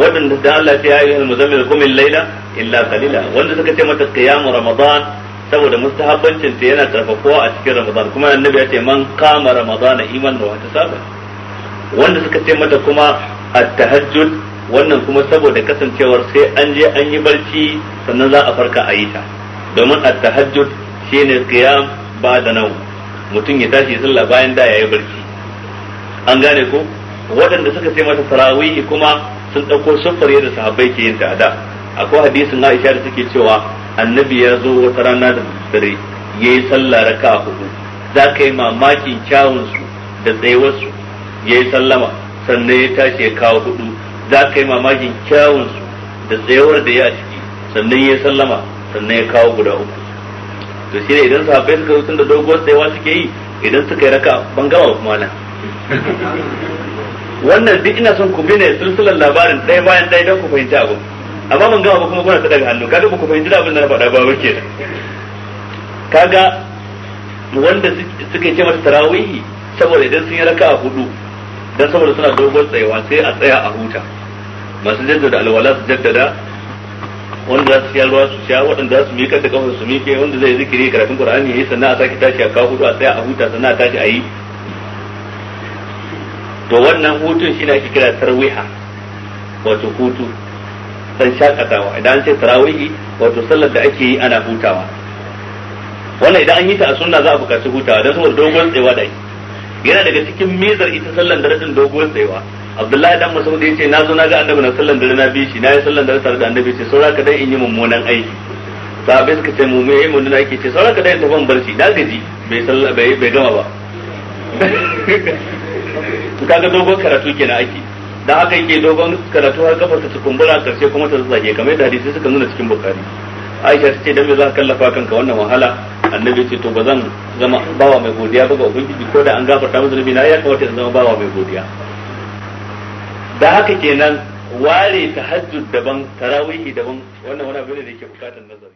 waɗanda da Allah ya yi muzammil kumil laila illa qalila wanda suka ce mata qiyamul ramadan saboda mustahabbancin ta yana karfafuwa a cikin ramadan kuma annabi ya ce man kama ramadan iman wa saba wanda suka ce mata kuma at-tahajjud wannan kuma saboda kasancewar sai an je an yi barci sannan za a farka a yi ta domin at-tahajjud ne kiyam ba da nau mutum ya tashi sallah bayan da ya yi barci an gane ko waɗanda suka sai mata tarawih kuma sun ɗauko sufar yadda sahabbai ke yin ta da akwai hadisin Aisha da take cewa annabi ya zo wata rana da dare yayi sallah raka'a hudu za ka yi mamakin kyawun su da tsayuwar su yayi sallama sannan ya tashi ya kawo hudu za ka yi mamakin kyawun su da tsayuwar da ya ciki sannan ya sallama sannan ya kawo guda uku to shine idan sahabbai suka zo tunda doguwar tsayawa suke yi idan suka yi raka ban gama kuma nan wannan duk ina son ku bi ne silsilar labarin ɗaya bayan ɗaya don ku fahimci abu amma ban gama ba kuma kuna daga hannu kaga ba ku fahimci abin da na faɗa ba wake kaga wanda suke ce masa tarawihi saboda idan sun yi raka a hudu dan saboda suna dogon tsayawa sai a tsaya a huta masu jaddada alwala su jaddada wanda za su sha ruwa su sha waɗanda za su miƙar da kafar su miƙe wanda zai zikiri karatun ya yayi sannan a sake tashi a kawo hudu a tsaya a huta sannan a tashi a yi to wannan hutun shine ake kira tarwiha wato hutu dan shakatawa idan an ce tarawihi wato sallar da ake yi ana hutawa wannan idan an yi ta a sunna za a buƙaci hutawa don saboda dogon tsewa da ake yana daga cikin mezar ita sallan da rashin doguwar tsayawa abdullahi dan mas'ud yace na zo na ga annabi na sallan dare na bi shi na yi sallan dare tare da annabi ce saura ka dai in yi mummunan aiki sahabbai suka ce mu me yayi mummunan aiki ce saura ka dai in tafi barci na gaji bai sallah bai bai gama ba kaga dogon karatu kenan ake da haka yake dogon karatu har kafa ta kumbura karshe kuma ta zage kamar yadda hadisi suka nuna cikin bukari aisha ta ce dan me za ka kallafa kanka wannan wahala annabi ce to bazan zan zama bawa mai godiya ba ga ubangiji ko da an gafarta mu zunubi na ya kamata in zama bawa mai godiya da haka kenan ware tahajjud daban tarawihi daban wannan wani abu ne da yake bukatar nazari